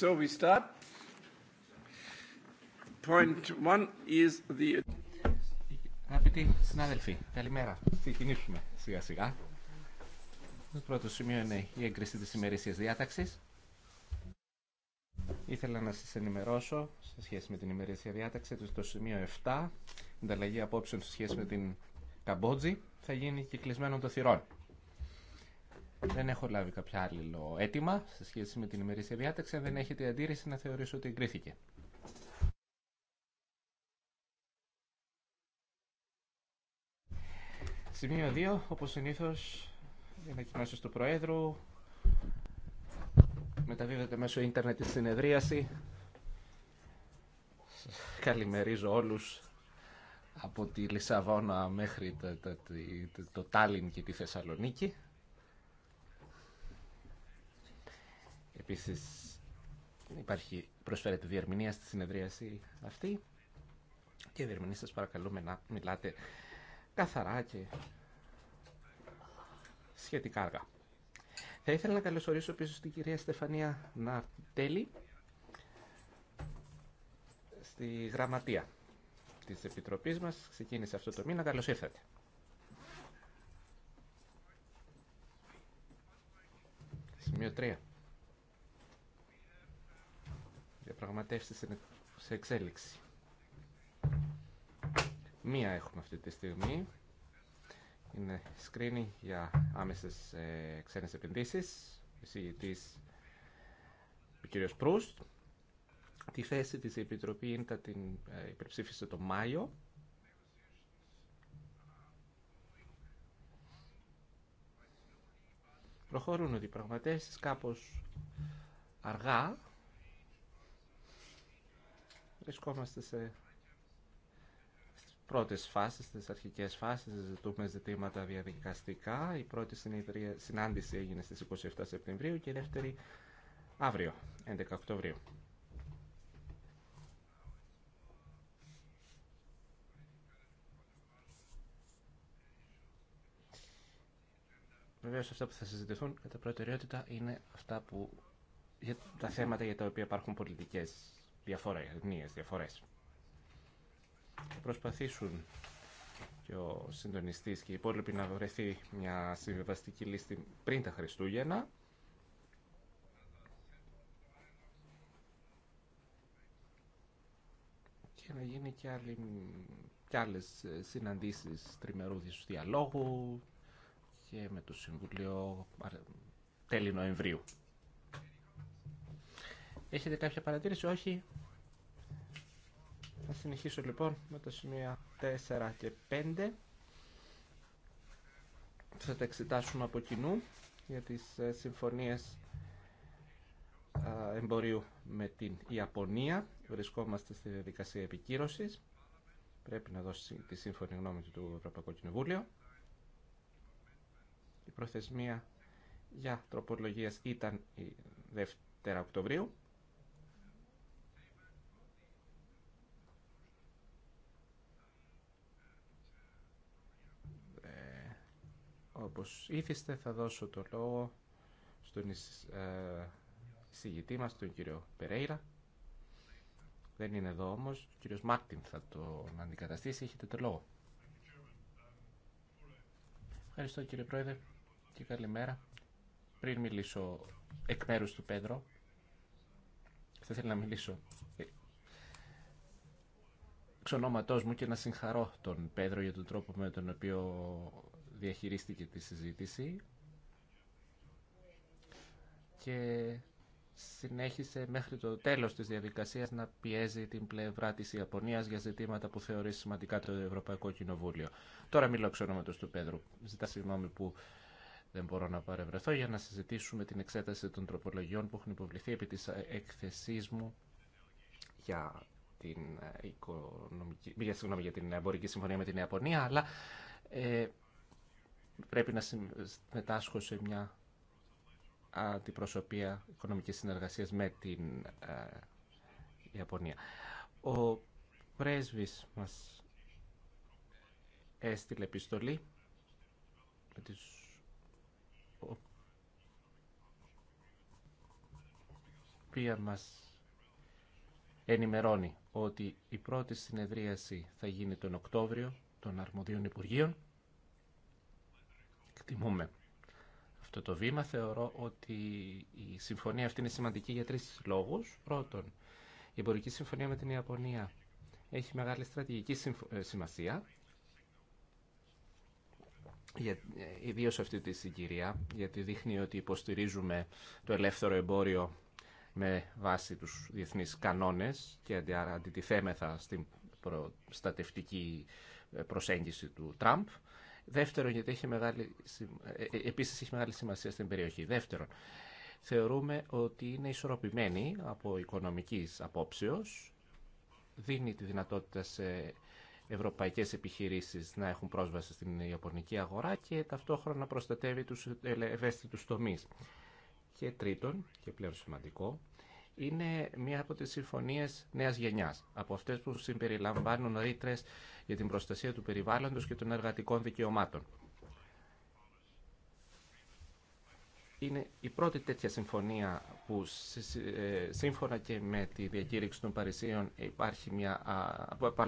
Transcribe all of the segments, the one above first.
So we start. Point one Αγαπητοί συνάδελφοι, καλημέρα. Ξεκινήσουμε σιγά σιγά. Το πρώτο σημείο είναι η έγκριση της ημερήσιας διάταξης. Ήθελα να σας ενημερώσω σε σχέση με την ημερήσια διάταξη ότι το σημείο 7, ανταλλαγή απόψεων σε σχέση με την Καμπότζη, θα γίνει κυκλισμένο των θυρών. Δεν έχω λάβει κάποια άλλη έτοιμα σε σχέση με την ημερήσια διάταξη. Αν δεν έχετε αντίρρηση να θεωρήσω ότι εγκρίθηκε. Σημείο 2, όπως συνήθως, να ανακοινώσεις του Προέδρου μεταδίδεται μέσω ίντερνετ τη συνεδρίαση. Καλημερίζω όλους από τη Λισαβόνα μέχρι το, το, το Τάλιν και τη Θεσσαλονίκη. Επίσης υπάρχει, προσφέρεται διερμηνία στη συνεδρίαση αυτή και διερμηνεί σα παρακαλούμε να μιλάτε καθαρά και σχετικά αργά. Θα ήθελα να καλωσορίσω πίσω στην κυρία Στεφανία Ναρτέλη στη γραμματεία της Επιτροπής μας. Ξεκίνησε αυτό το μήνα. Καλώς ήρθατε. Σημείο 3 διαπραγματεύσεις σε εξέλιξη. Μία έχουμε αυτή τη στιγμή. Είναι screening για άμεσες ε, ξένες επενδύσεις. Εισηγητής ο κύριος Προύστ. Τη θέση της Επιτροπή είναι τα την ε, υπερψήφισε το Μάιο. Προχωρούν οι διαπραγματεύσεις κάπως αργά, βρισκόμαστε σε πρώτες φάσεις, στις αρχικές φάσεις, ζητούμε ζητήματα διαδικαστικά. Η πρώτη συνάντηση έγινε στις 27 Σεπτεμβρίου και η δεύτερη αύριο, 11 Οκτωβρίου. Βεβαίω αυτά που θα συζητηθούν κατά προτεραιότητα είναι αυτά που, τα θέματα για τα οποία υπάρχουν πολιτικές διαφορές, διαφορές. Θα προσπαθήσουν και ο συντονιστής και οι υπόλοιποι να βρεθεί μια συμβιβαστική λίστη πριν τα Χριστούγεννα. Και να γίνει και, άλλη, και άλλες συναντήσεις διαλόγου και με το Συμβουλίο τέλη Νοεμβρίου. Έχετε κάποια παρατήρηση, όχι. Θα συνεχίσω λοιπόν με τα σημεία 4 και 5. Θα τα εξετάσουμε από κοινού για τις ε, συμφωνίες εμπορίου με την Ιαπωνία. Βρισκόμαστε στη διαδικασία επικύρωσης. Πρέπει να δώσει τη σύμφωνη γνώμη του Ευρωπαϊκού Κοινοβούλιο. Η προθεσμία για τροπολογίας ήταν η 2 Οκτωβρίου. Όπως ήθιστε θα δώσω το λόγο στον ε, εισηγητή μας, τον κύριο Περέιρα. Δεν είναι εδώ όμως, ο κύριος Μάρτιν θα το αντικαταστήσει, έχετε το λόγο. Ευχαριστώ κύριε Πρόεδρε και καλημέρα. Πριν μιλήσω εκ μέρους του Πέντρο, θα ήθελα να μιλήσω ε, εξ ονόματός μου και να συγχαρώ τον Πέδρο για τον τρόπο με τον οποίο διαχειρίστηκε τη συζήτηση και συνέχισε μέχρι το τέλος της διαδικασίας να πιέζει την πλευρά της Ιαπωνίας για ζητήματα που θεωρεί σημαντικά το Ευρωπαϊκό Κοινοβούλιο. Τώρα μιλώ εξ του Πέδρου. Ζητά συγγνώμη που δεν μπορώ να παρευρεθώ για να συζητήσουμε την εξέταση των τροπολογιών που έχουν υποβληθεί επί της εκθεσής μου για την, ε, οικονομική, για, την εμπορική συμφωνία με την Ιαπωνία, αλλά ε, πρέπει να συμμετάσχω σε μια αντιπροσωπεία οικονομικής συνεργασίας με την ε, Ιαπωνία. Ο πρέσβης μας έστειλε επιστολή με τις οποία μας ενημερώνει ότι η πρώτη συνεδρίαση θα γίνει τον Οκτώβριο των Αρμοδίων Υπουργείων εκτιμούμε αυτό το βήμα. Θεωρώ ότι η συμφωνία αυτή είναι σημαντική για τρεις λόγους. Πρώτον, η εμπορική συμφωνία με την Ιαπωνία έχει μεγάλη στρατηγική ε, σημασία, ε, ιδίω αυτή τη συγκυρία, γιατί δείχνει ότι υποστηρίζουμε το ελεύθερο εμπόριο με βάση τους διεθνείς κανόνες και αντιτιθέμεθα στην προστατευτική ε, προσέγγιση του Τραμπ. Δεύτερον, γιατί έχει μεγάλη, ε, ε, επίσης έχει μεγάλη σημασία στην περιοχή. Δεύτερον, θεωρούμε ότι είναι ισορροπημένη από οικονομικής απόψεως, δίνει τη δυνατότητα σε ευρωπαϊκές επιχειρήσεις να έχουν πρόσβαση στην ιαπωνική αγορά και ταυτόχρονα προστατεύει τους ευαίσθητους τομείς. Και τρίτον, και πλέον σημαντικό, είναι μία από τις συμφωνίες νέας γενιάς, από αυτές που συμπεριλαμβάνουν ρήτρε για την προστασία του περιβάλλοντος και των εργατικών δικαιωμάτων. Είναι η πρώτη τέτοια συμφωνία που ε, σύμφωνα και με τη διακήρυξη των Παρισίων υπάρχει μια,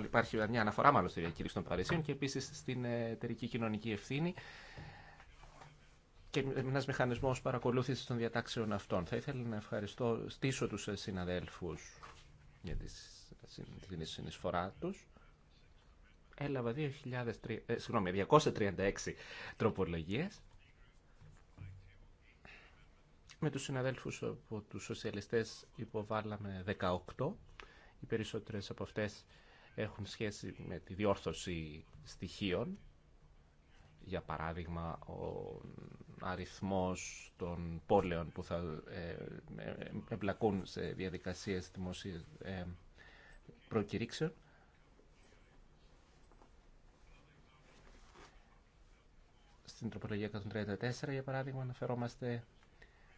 υπάρχει μια αναφορά μάλλον στη διακήρυξη των Παρισίων και επίσης στην ε, εταιρική κοινωνική ευθύνη και ένας μηχανισμός παρακολούθησης των διατάξεων αυτών. Θα ήθελα να ευχαριστώ, στήσω τους συναδέλφους για την συνεισφορά τους. Έλαβα 2003, ε, συγγνώμη, 236 τροπολογίες με τους συναδέλφους από τους σοσιαλιστές υποβάλαμε 18. Οι περισσότερες από αυτές έχουν σχέση με τη διόρθωση στοιχείων για παράδειγμα ο αριθμός των πόλεων που θα ε, ε, εμπλακούν σε διαδικασίες δημοσίες ε, προκηρύξεων. Στην τροπολογία 134, για παράδειγμα, αναφερόμαστε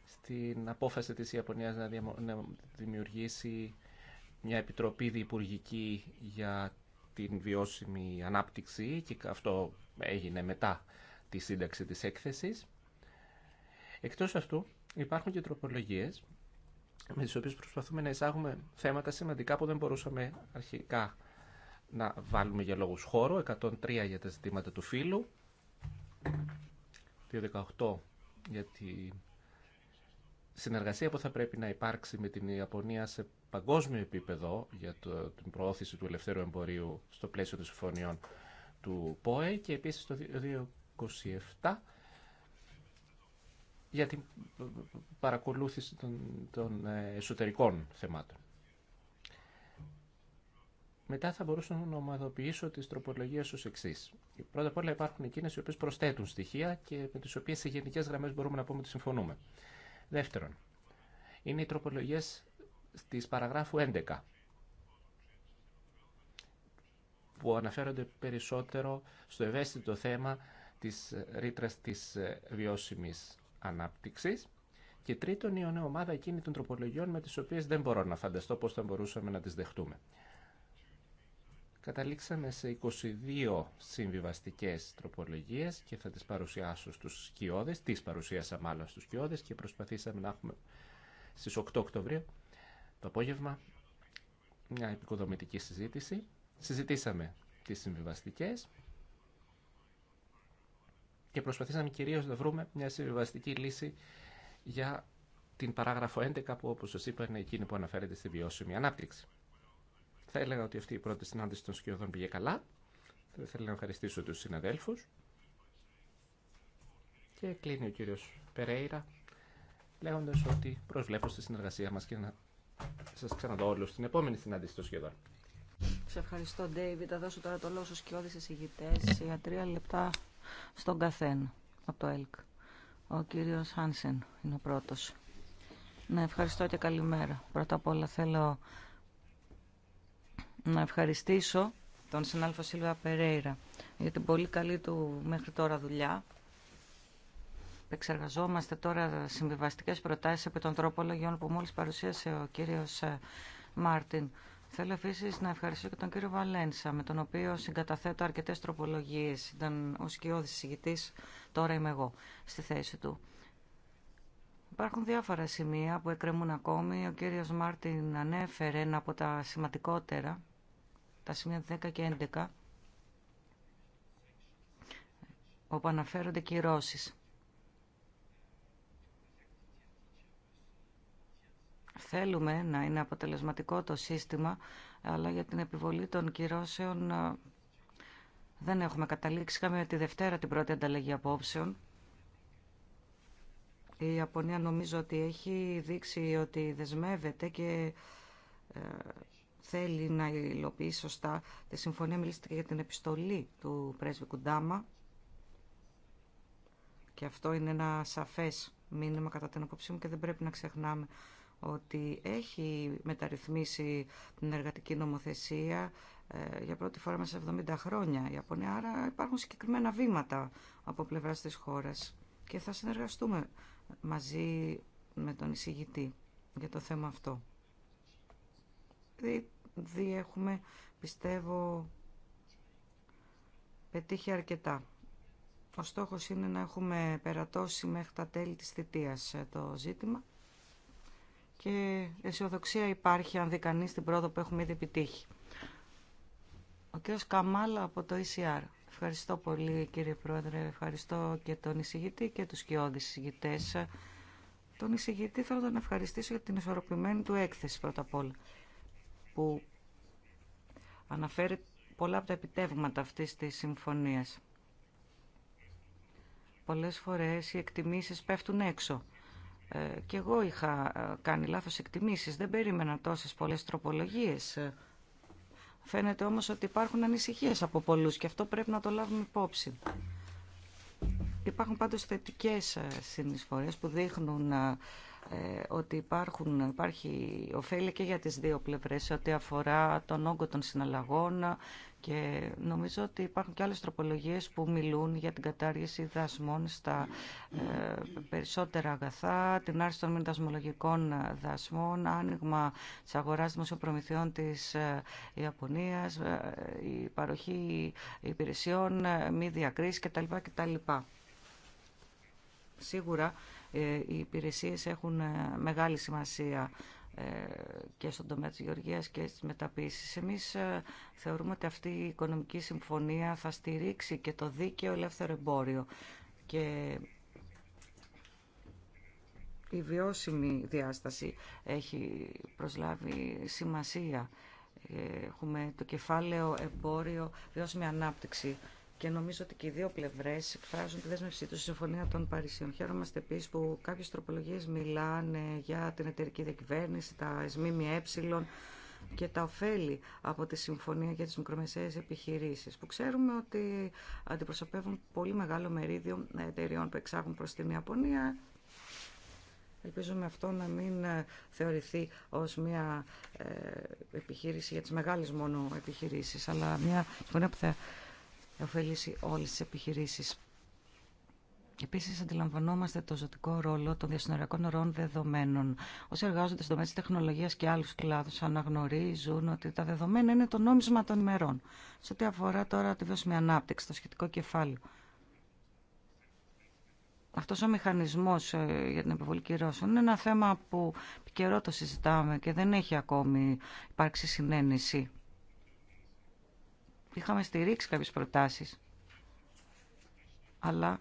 στην απόφαση της Ιαπωνίας να δημιουργήσει μια επιτροπή διυπουργική για την βιώσιμη ανάπτυξη και αυτό έγινε μετά τη σύνταξη της έκθεσης. Εκτός αυτού υπάρχουν και τροπολογίες με τις οποίες προσπαθούμε να εισάγουμε θέματα σημαντικά που δεν μπορούσαμε αρχικά να βάλουμε για λόγους χώρου. 103 για τα ζητήματα του φύλου, 218 για τη συνεργασία που θα πρέπει να υπάρξει με την Ιαπωνία σε παγκόσμιο επίπεδο για την προώθηση του ελευθέρου εμπορίου στο πλαίσιο των συμφωνιών του ΠΟΕ και επίσης το 2027 για την παρακολούθηση των, ε, εσωτερικών θεμάτων. Μετά θα μπορούσα να ομαδοποιήσω τις τροπολογίες ως εξή. Πρώτα απ' όλα υπάρχουν εκείνες οι οποίες προσθέτουν στοιχεία και με τις οποίες σε γενικές γραμμές μπορούμε να πούμε ότι συμφωνούμε. Δεύτερον, είναι οι τροπολογίες της παραγράφου 11 που αναφέρονται περισσότερο στο ευαίσθητο θέμα της ρήτρα της βιώσιμης ανάπτυξης. Και τρίτον, η ομάδα εκείνη των τροπολογιών με τις οποίες δεν μπορώ να φανταστώ πώς θα μπορούσαμε να τις δεχτούμε. Καταλήξαμε σε 22 συμβιβαστικές τροπολογίες και θα τις παρουσιάσω στους σκιώδες, τις παρουσίασα μάλλον στους σκιώδες και προσπαθήσαμε να έχουμε στις 8 Οκτωβρίου το απόγευμα μια επικοδομητική συζήτηση Συζητήσαμε τις συμβιβαστικέ και προσπαθήσαμε κυρίως να βρούμε μια συμβιβαστική λύση για την παράγραφο 11 που όπως σας είπα είναι εκείνη που αναφέρεται στη βιώσιμη ανάπτυξη. Θα έλεγα ότι αυτή η πρώτη συνάντηση των σκιωδών πήγε καλά. Θα ήθελα να ευχαριστήσω τους συναδέλφους. Και κλείνει ο κύριος Περέιρα λέγοντας ότι προσβλέπω στη συνεργασία μας και να σας ξαναδώ όλους στην επόμενη συνάντηση των σκιωδών. Σε ευχαριστώ, Ντέιβι. Θα δώσω τώρα το λόγο στους κοιόδης εισηγητέ για τρία λεπτά στον καθένα από το ΕΛΚ. Ο κύριος Χάνσεν είναι ο πρώτος. Ναι, ευχαριστώ και καλημέρα. Πρώτα απ' όλα θέλω να ευχαριστήσω τον συνάλφο Σίλβα Περέιρα για την πολύ καλή του μέχρι τώρα δουλειά. Εξεργαζόμαστε τώρα συμβιβαστικές προτάσεις επί των τρόπολογιών που μόλις παρουσίασε ο κύριος ε, Μάρτιν. Θέλω επίση να ευχαριστήσω και τον κύριο Βαλένσα, με τον οποίο συγκαταθέτω αρκετέ τροπολογίε. Ήταν ο σκιώδη συγητή, τώρα είμαι εγώ στη θέση του. Υπάρχουν διάφορα σημεία που εκκρεμούν ακόμη. Ο κύριος Μάρτιν ανέφερε ένα από τα σημαντικότερα, τα σημεία 10 και 11, όπου αναφέρονται κυρώσεις. Θέλουμε να είναι αποτελεσματικό το σύστημα, αλλά για την επιβολή των κυρώσεων ε, δεν έχουμε καταλήξει. Είχαμε τη Δευτέρα την πρώτη ανταλλαγή απόψεων. Η Ιαπωνία νομίζω ότι έχει δείξει ότι δεσμεύεται και ε, θέλει να υλοποιήσει σωστά τη συμφωνία. Μιλήσατε και για την επιστολή του πρέσβη Κουντάμα. Και αυτό είναι ένα σαφές μήνυμα κατά την απόψή μου και δεν πρέπει να ξεχνάμε ότι έχει μεταρρυθμίσει την εργατική νομοθεσία ε, για πρώτη φορά μέσα σε 70 χρόνια η Ιαπωνία, άρα υπάρχουν συγκεκριμένα βήματα από πλευράς της χώρας και θα συνεργαστούμε μαζί με τον εισηγητή για το θέμα αυτό. Δι, έχουμε, πιστεύω, πετύχει αρκετά. Ο στόχος είναι να έχουμε περατώσει μέχρι τα τέλη της θητείας ε, το ζήτημα και αισιοδοξία υπάρχει αν δει κανεί την πρόοδο που έχουμε ήδη επιτύχει. Ο κ. Καμάλα από το ECR. Ευχαριστώ πολύ κύριε Πρόεδρε, ευχαριστώ και τον εισηγητή και τους κοιόδης εισηγητές. Τον εισηγητή θέλω να τον ευχαριστήσω για την ισορροπημένη του έκθεση πρώτα απ' όλα, που αναφέρει πολλά από τα επιτεύγματα αυτής της συμφωνίας. Πολλές φορές οι εκτιμήσεις πέφτουν έξω ε, και εγώ είχα ε, κάνει λάθος εκτιμήσεις, δεν περίμενα τόσες πολλές τροπολογίες. Ε, φαίνεται όμως ότι υπάρχουν ανησυχίες από πολλούς και αυτό πρέπει να το λάβουμε υπόψη. Υπάρχουν πάντως θετικές συνεισφορές που δείχνουν ε, ότι υπάρχουν, υπάρχει ωφέλη και για τις δύο πλευρές ό,τι αφορά τον όγκο των συναλλαγών και νομίζω ότι υπάρχουν και άλλες τροπολογίες που μιλούν για την κατάργηση δασμών στα ε, περισσότερα αγαθά, την άρση των μη δασμολογικών δασμών, άνοιγμα της αγοράς δημοσιοπρομηθειών της ε, Ιαπωνίας, η παροχή υπηρεσιών, μη διακρίσεις κτλ. κτλ. Σίγουρα ε, οι υπηρεσίες έχουν ε, μεγάλη σημασία ε, και στον τομέα της γεωργίας και της μεταποίησης. Εμείς θεωρούμε ότι αυτή η οικονομική συμφωνία θα στηρίξει και το δίκαιο ελεύθερο εμπόριο και η βιώσιμη διάσταση έχει προσλάβει σημασία. Έχουμε το κεφάλαιο εμπόριο, βιώσιμη ανάπτυξη και νομίζω ότι και οι δύο πλευρέ εκφράζουν τη δέσμευσή του στη Συμφωνία των Παρισιών. Χαίρομαστε επίση που κάποιε τροπολογίε μιλάνε για την εταιρική διακυβέρνηση, τα ΕΣΜΜΕ και τα ωφέλη από τη Συμφωνία για τις Μικρομεσαίες Επιχειρήσεις, που ξέρουμε ότι αντιπροσωπεύουν πολύ μεγάλο μερίδιο εταιριών που εξάγουν προς την Ιαπωνία. Ελπίζουμε αυτό να μην ε, θεωρηθεί ως μια ε, επιχείρηση για τις μεγάλες μόνο επιχειρήσεις, αλλά μια συμφωνία που θα ωφελήσει όλες τις επιχειρήσεις. Επίσης αντιλαμβανόμαστε το ζωτικό ρόλο των διασυνοριακών ροών δεδομένων. Όσοι εργάζονται στο μέσο τεχνολογίας και άλλους κλάδους αναγνωρίζουν ότι τα δεδομένα είναι το νόμισμα των ημερών. Σε ό,τι αφορά τώρα τη βιώσιμη ανάπτυξη, το σχετικό κεφάλαιο. Αυτός ο μηχανισμός ε, για την επιβολή κυρώσεων είναι ένα θέμα που καιρό το συζητάμε και δεν έχει ακόμη υπάρξει συνένεση. Είχαμε στηρίξει κάποιες προτάσεις. Αλλά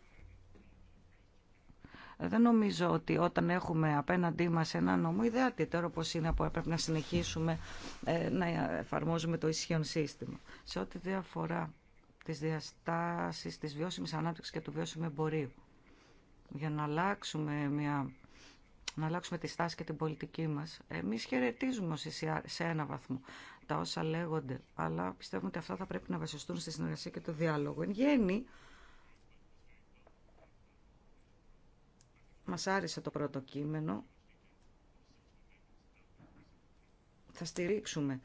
δεν νομίζω ότι όταν έχουμε απέναντί μας ένα νόμο ιδεατήτερο όπως είναι που έπρεπε να συνεχίσουμε ε, να εφαρμόζουμε το ισχύον σύστημα. Σε ό,τι διαφορά τις διαστάσεις της βιώσιμης ανάπτυξης και του βιώσιμου εμπορίου. Για να αλλάξουμε, μια, να αλλάξουμε τη στάση και την πολιτική μας, εμείς χαιρετίζουμε σε ένα βαθμό τα όσα λέγονται, αλλά πιστεύουμε ότι αυτά θα πρέπει να βασιστούν στη συνεργασία και το διάλογο. Εν γέννη, μας άρεσε το πρώτο κείμενο. Θα στηρίξουμε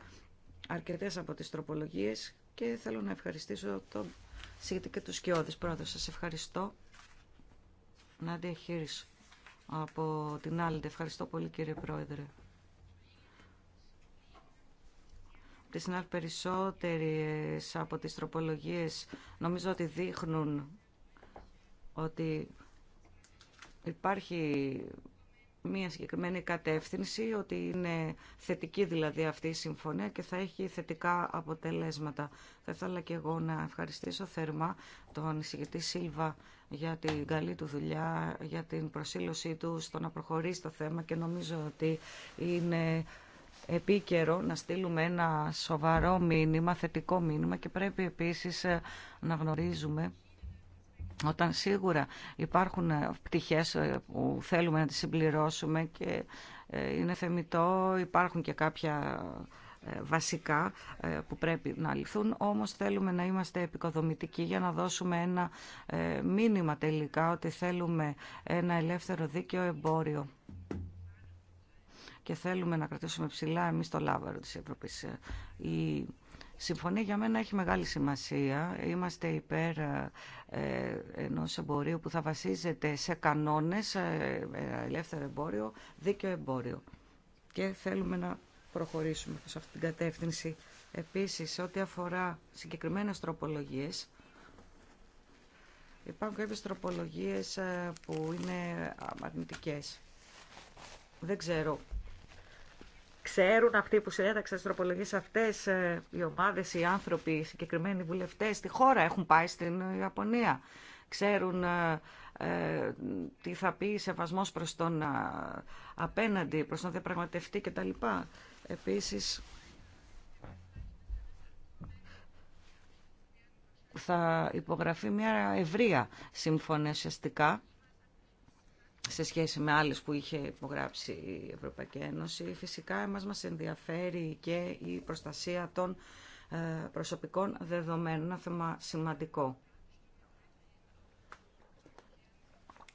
αρκετές από τις τροπολογίες και θέλω να ευχαριστήσω τον Σίγητη και τους Σκιώδης. πρόεδρο. σας ευχαριστώ. Να διαχείρισω από την άλλη. Ευχαριστώ πολύ κύριε Πρόεδρε. τη περισσότερες από τις τροπολογίες νομίζω ότι δείχνουν ότι υπάρχει μια συγκεκριμένη κατεύθυνση, ότι είναι θετική δηλαδή αυτή η συμφωνία και θα έχει θετικά αποτελέσματα. Θα ήθελα και εγώ να ευχαριστήσω θερμά τον εισηγητή Σίλβα για την καλή του δουλειά, για την προσήλωσή του στο να προχωρήσει το θέμα και νομίζω ότι είναι επίκαιρο να στείλουμε ένα σοβαρό μήνυμα, θετικό μήνυμα και πρέπει επίσης ε, να γνωρίζουμε όταν σίγουρα υπάρχουν ε, πτυχές ε, που θέλουμε να τις συμπληρώσουμε και είναι θεμητό, υπάρχουν και κάποια βασικά που πρέπει να λυθούν, όμως θέλουμε να είμαστε επικοδομητικοί για να δώσουμε ένα μήνυμα τελικά ότι θέλουμε ένα ελεύθερο δίκαιο εμπόριο και θέλουμε να κρατήσουμε ψηλά εμείς το λάβαρο της Ευρώπης. Ε, η συμφωνία για μένα έχει μεγάλη σημασία. Είμαστε υπέρ ε, ενός εμπορίου που θα βασίζεται σε κανόνες, ε, ε, ελεύθερο εμπόριο, δίκαιο εμπόριο. Και θέλουμε να προχωρήσουμε σε αυτή την κατεύθυνση. Επίσης, ό,τι αφορά συγκεκριμένες τροπολογίες, υπάρχουν κάποιες τροπολογίες που είναι αρνητικές. Δεν ξέρω Ξέρουν αυτοί που συνέταξαν τι τροπολογίε αυτέ, ε, οι ομάδε, οι άνθρωποι, οι συγκεκριμένοι βουλευτέ στη χώρα, έχουν πάει στην Ιαπωνία. Ξέρουν ε, ε, τι θα πει σεβασμό προ τον απέναντι, προ τον διαπραγματευτή κτλ. Επίση, θα υπογραφεί μια ευρεία συμφωνία ουσιαστικά σε σχέση με άλλες που είχε υπογράψει η Ευρωπαϊκή Ένωση. Φυσικά, εμάς μας ενδιαφέρει και η προστασία των ε, προσωπικών δεδομένων, ένα θέμα σημαντικό.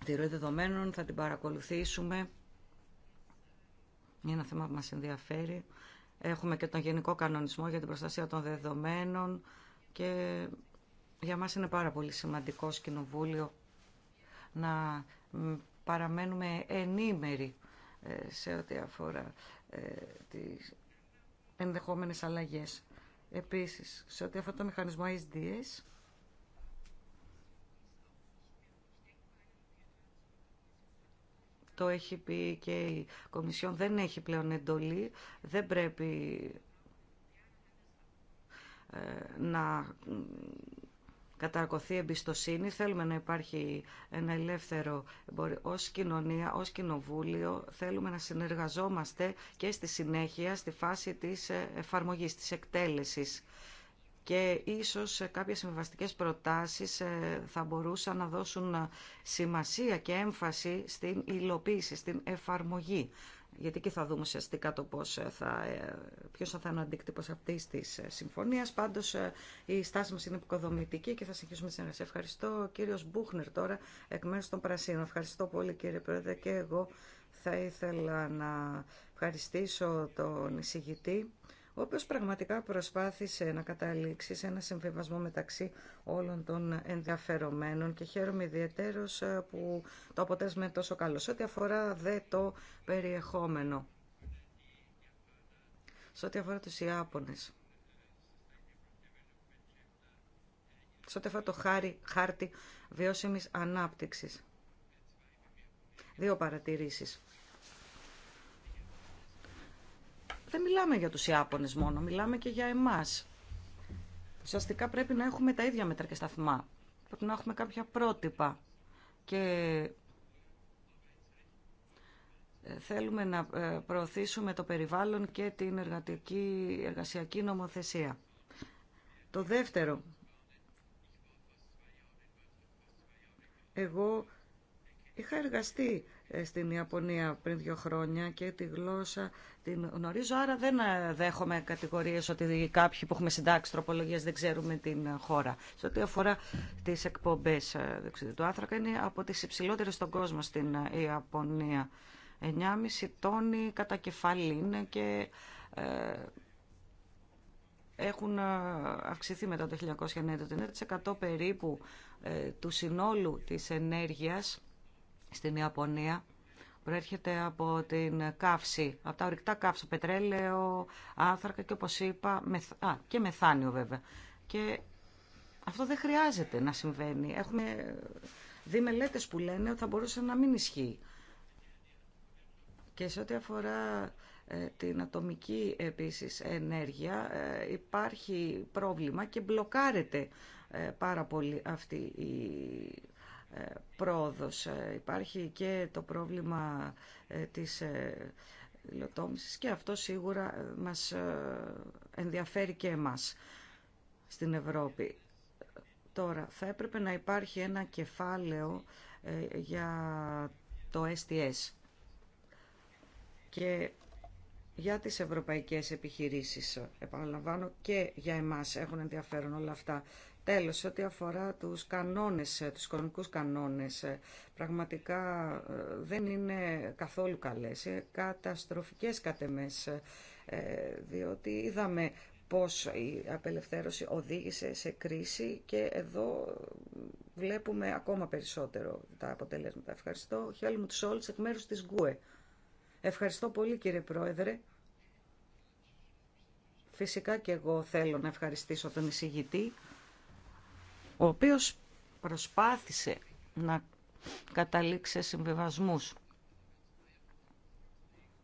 Τη ροή δεδομένων θα την παρακολουθήσουμε. Είναι ένα θέμα που μας ενδιαφέρει. Έχουμε και τον Γενικό Κανονισμό για την Προστασία των Δεδομένων και για μας είναι πάρα πολύ σημαντικό σκηνοβούλιο να παραμένουμε ενήμεροι ε, σε ό,τι αφορά ε, τις ενδεχόμενες αλλαγές. Επίσης, σε ό,τι αφορά το μηχανισμό ISDS, το έχει πει και η Κομισιόν, δεν έχει πλέον εντολή, δεν πρέπει ε, να καταρκωθεί εμπιστοσύνη. Θέλουμε να υπάρχει ένα ελεύθερο εμπόριο ως κοινωνία, ως κοινοβούλιο. Θέλουμε να συνεργαζόμαστε και στη συνέχεια, στη φάση της ε, εφαρμογής, της εκτέλεσης. Και ίσως ε, κάποιες συμβαστικές προτάσεις ε, θα μπορούσαν να δώσουν σημασία και έμφαση στην υλοποίηση, στην εφαρμογή γιατί και θα δούμε ουσιαστικά το πώς ε, θα, ε, ποιος θα είναι ο αντίκτυπος αυτής της ε, συμφωνίας. Πάντως η στάση μας είναι επικοδομητική και θα συνεχίσουμε τη συνεργασία. Ευχαριστώ κύριος Μπούχνερ τώρα εκ μέρους των Πρασίνων. Ευχαριστώ πολύ κύριε Πρόεδρε και εγώ θα ήθελα να ευχαριστήσω τον εισηγητή ο οποίος πραγματικά προσπάθησε να καταλήξει σε ένα συμβιβασμό μεταξύ όλων των ενδιαφερομένων και χαίρομαι ιδιαίτερω ε, που το αποτέλεσμα είναι τόσο καλό. Σε ό,τι αφορά δε το περιεχόμενο, σε ό,τι αφορά τους Ιάπωνες, σε ό,τι αφορά το χάρι, χάρτη βιώσιμης ανάπτυξης. Δύο παρατηρήσεις. δεν μιλάμε για τους Ιάπωνες μόνο, μιλάμε και για εμάς. Ουσιαστικά πρέπει να έχουμε τα ίδια μέτρα και σταθμά. Πρέπει να έχουμε κάποια πρότυπα. Και ε, θέλουμε να ε, προωθήσουμε το περιβάλλον και την εργατική, εργασιακή νομοθεσία. Το δεύτερο, εγώ είχα εργαστεί ε, στην Ιαπωνία πριν δύο χρόνια και τη γλώσσα την γνωρίζω, άρα δεν ε, δέχομαι κατηγορίες ότι κάποιοι που έχουμε συντάξει τροπολογίες δεν ξέρουμε την χώρα. Σε ό,τι αφορά τις εκπομπές ε, του άνθρακα είναι από τις υψηλότερες στον κόσμο στην Ιαπωνία. 9,5 τόνοι κατά κεφάλι είναι και έχουν αυξηθεί μετά το 1990 το 9% περίπου του συνόλου της ενέργειας στην Ιαπωνία προέρχεται από την καύση, από τα ορυκτά καύση, πετρέλαιο, άνθρακα και όπως είπα, και μεθάνιο βέβαια. Και αυτό δεν χρειάζεται να συμβαίνει. Έχουμε δει μελέτες που λένε ότι θα μπορούσε να μην ισχύει. Και σε ό,τι αφορά ε, την ατομική επίσης ενέργεια ε, υπάρχει πρόβλημα και μπλοκάρεται ε, πάρα πολύ αυτή η ε, πρόοδος. Ε, υπάρχει και το πρόβλημα ε, της υλοτόμησης και αυτό σίγουρα μας ενδιαφέρει και εμάς στην Ευρώπη. Τώρα, θα έπρεπε να υπάρχει ένα κεφάλαιο για το STS και για τις ευρωπαϊκές επιχειρήσεις. Επαναλαμβάνω και για εμάς έχουν ενδιαφέρον όλα αυτά. Τέλος, ό,τι αφορά τους κανόνες, ε, τους οικονομικούς κανόνες, ε, πραγματικά ε, δεν είναι καθόλου καλές, καταστροφικές κατεμές, διότι είδαμε πώς η απελευθέρωση οδήγησε σε κρίση και εδώ βλέπουμε ακόμα περισσότερο τα αποτελέσματα. Ευχαριστώ, Χέλμου του όλους εκ μέρους της ΓΚΟΕ. Ευχαριστώ πολύ κύριε Πρόεδρε. Φυσικά και εγώ θέλω να ευχαριστήσω τον εισηγητή ο οποίος προσπάθησε να καταλήξει σε συμβιβασμούς.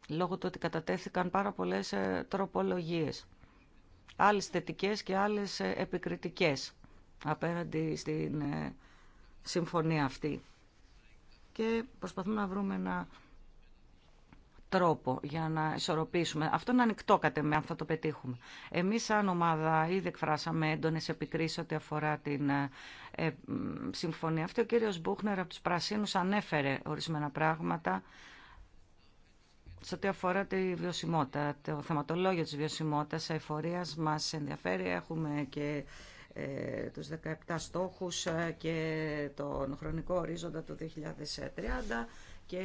Λόγω του ότι κατατέθηκαν πάρα πολλές ε, τροπολογίες. Άλλες θετικές και άλλες ε, επικριτικές απέναντι στην ε, συμφωνία αυτή. Και προσπαθούμε να βρούμε ένα τρόπο για να ισορροπήσουμε. Αυτό είναι ανοιχτό κατά με αν θα το πετύχουμε. Εμεί σαν ομάδα ήδη εκφράσαμε έντονε επικρίσει ό,τι αφορά την ε, ε, συμφωνία αυτό Ο κύριο Μπούχνερ από του Πρασίνου ανέφερε ορισμένα πράγματα σε ό,τι αφορά τη βιωσιμότητα, το θεματολόγιο της Η εφορία μα ενδιαφέρει. Έχουμε και ε, τους 17 στόχους και τον χρονικό ορίζοντα του 2030 και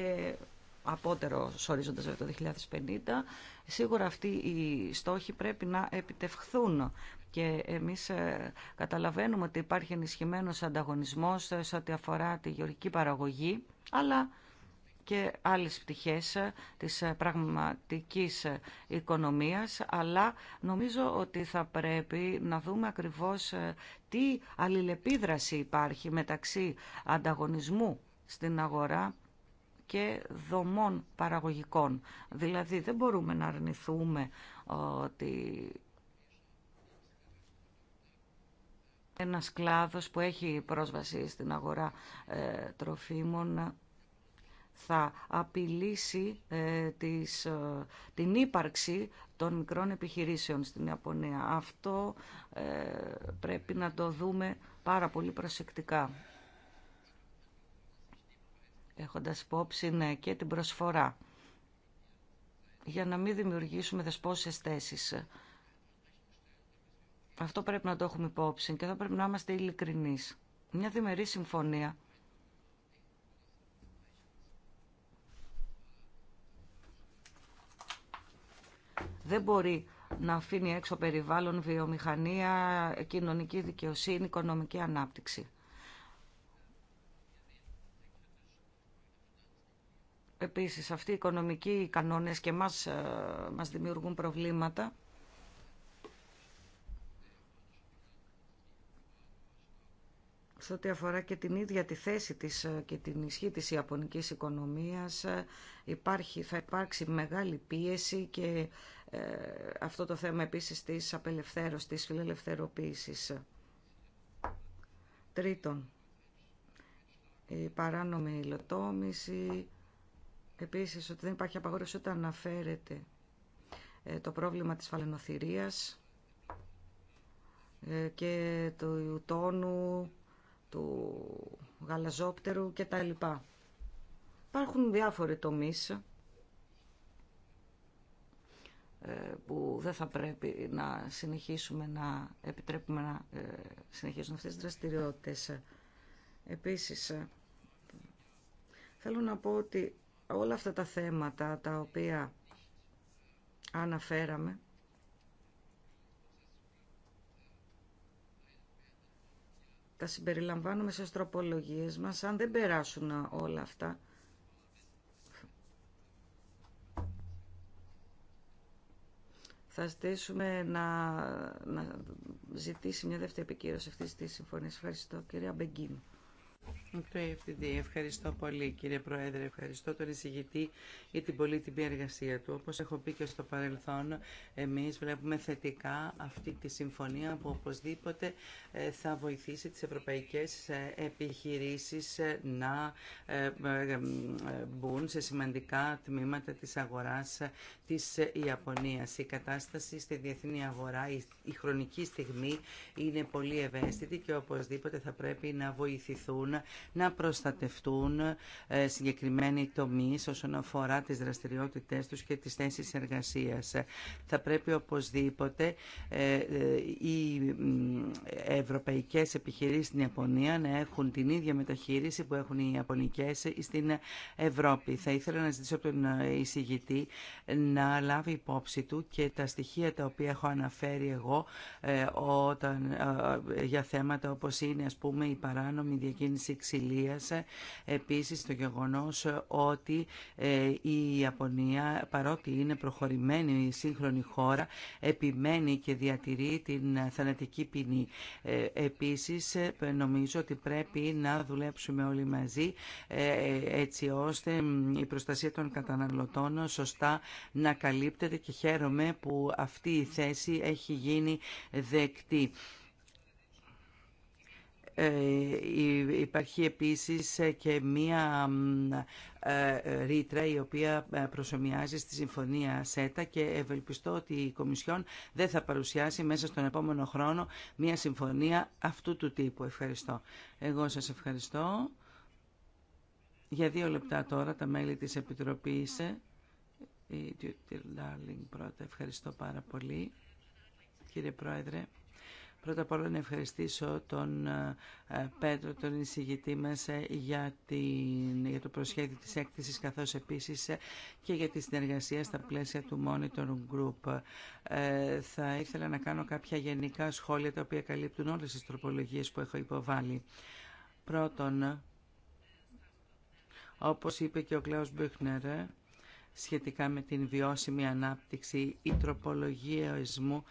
απότερο ορίζοντας το 2050, σίγουρα αυτοί οι στόχοι πρέπει να επιτευχθούν και εμείς ε, καταλαβαίνουμε ότι υπάρχει ενισχυμένος ανταγωνισμός ε, σε ό,τι αφορά τη γεωργική παραγωγή, αλλά και άλλες πτυχές ε, της πραγματικής οικονομίας, αλλά νομίζω ότι θα πρέπει να δούμε ακριβώς τι αλληλεπίδραση υπάρχει μεταξύ ανταγωνισμού στην αγορά και δομών παραγωγικών. Δηλαδή δεν μπορούμε να αρνηθούμε ε, ότι ένας κλάδος που έχει πρόσβαση στην αγορά ε, τροφίμων θα απειλήσει ε, την ύπαρξη των μικρών επιχειρήσεων στην Ιαπωνία. Αυτό πρέπει να το δούμε πάρα πολύ προσεκτικά έχοντας υπόψη ναι, και την προσφορά για να μην δημιουργήσουμε δεσπόσες θέσεις. Αυτό πρέπει να το έχουμε υπόψη και θα πρέπει να είμαστε ειλικρινεί. Μια διμερή συμφωνία δεν μπορεί να αφήνει έξω περιβάλλον, βιομηχανία, κοινωνική δικαιοσύνη, οικονομική ανάπτυξη. Επίσης, αυτοί οι οικονομικοί κανόνες και μας, ε, μας δημιουργούν προβλήματα. σε ό,τι αφορά και την ίδια τη θέση της ε, και την ισχύ της ιαπωνικής οικονομίας ε, υπάρχει, θα υπάρξει μεγάλη πίεση και αυτό το θέμα επίσης της απελευθέρωσης, της φιλελευθεροποίησης. Τρίτον, η παράνομη υλοτόμηση, Επίσης ότι δεν υπάρχει απαγόρευση όταν αναφέρεται ε, το πρόβλημα της φαλαινοθυρίας ε, και του τόνου, του γαλαζόπτερου κτλ. Υπάρχουν διάφοροι τομείς ε, που δεν θα πρέπει να συνεχίσουμε να επιτρέπουμε να συνεχίσουν αυτές τις δραστηριότητες. Επίσης, θέλω να πω ότι όλα αυτά τα θέματα τα οποία αναφέραμε τα συμπεριλαμβάνουμε σε τροπολογίες μας αν δεν περάσουν όλα αυτά θα ζητήσουμε να, να ζητήσει μια δεύτερη επικύρωση αυτής της συμφωνίας. Ευχαριστώ κυρία Μπεγκίνου. Το Ευχαριστώ πολύ κύριε Πρόεδρε, ευχαριστώ τον εισηγητή για την πολύτιμη εργασία του. Όπως έχω πει και στο παρελθόν, εμείς βλέπουμε θετικά αυτή τη συμφωνία που οπωσδήποτε ε, θα βοηθήσει τις ευρωπαϊκές ε, επιχειρήσεις ε, να μπουν σε σημαντικά τμήματα της αγοράς της Ιαπωνίας. Η κατάσταση στη διεθνή αγορά, η χρονική στιγμή είναι πολύ ευαίσθητη και οπωσδήποτε θα πρέπει να βοηθηθούν να προστατευτούν ε, συγκεκριμένοι τομείς όσον αφορά τι δραστηριότητές τους και τις θέσει εργασίας. Θα πρέπει οπωσδήποτε ε, ε, οι ευρωπαϊκές επιχειρήσεις στην Ιαπωνία να έχουν την ίδια μεταχείριση που έχουν οι ιαπωνικέ στην Ευρώπη. Θα ήθελα να ζητήσω από τον εισηγητή να λάβει υπόψη του και τα στοιχεία τα οποία έχω αναφέρει εγώ όταν, για θέματα όπως είναι ας πούμε η παράνομη διακίνηση Επίση επίσης το γεγονός ότι ε, η Ιαπωνία παρότι είναι προχωρημένη η σύγχρονη χώρα επιμένει και διατηρεί την θανατική ποινή. Ε, επίσης ε, νομίζω ότι πρέπει να δουλέψουμε όλοι μαζί έτσι ώστε η προστασία των καταναλωτών σωστά να καλύπτεται και χαίρομαι που αυτή η θέση έχει γίνει δεκτή. Ε, υπάρχει επίσης ε, και μία ε, ρήτρα η οποία προσωμιάζει στη Συμφωνία ΣΕΤΑ και ευελπιστώ ότι η Κομισιόν δεν θα παρουσιάσει μέσα στον επόμενο χρόνο μία συμφωνία αυτού του τύπου. Ευχαριστώ. Εγώ σας ευχαριστώ. Για δύο λεπτά τώρα τα μέλη της Επιτροπής. Ευχαριστώ πάρα πολύ. Κύριε Πρόεδρε. Πρώτα απ' όλα να ευχαριστήσω τον ε, Πέτρο, τον εισηγητή μας ε, για, για το προσχέδιο της έκθεσης καθώς επίσης ε, και για τη συνεργασία στα πλαίσια του Monitor Group. θα ήθελα να κάνω κάποια γενικά σχόλια τα οποία καλύπτουν όλες τις τροπολογίες που έχω υποβάλει. Πρώτον, όπως είπε και ο Κλέο Μπίχνερ, σχετικά με την βιώσιμη ανάπτυξη, η τροπολογία μου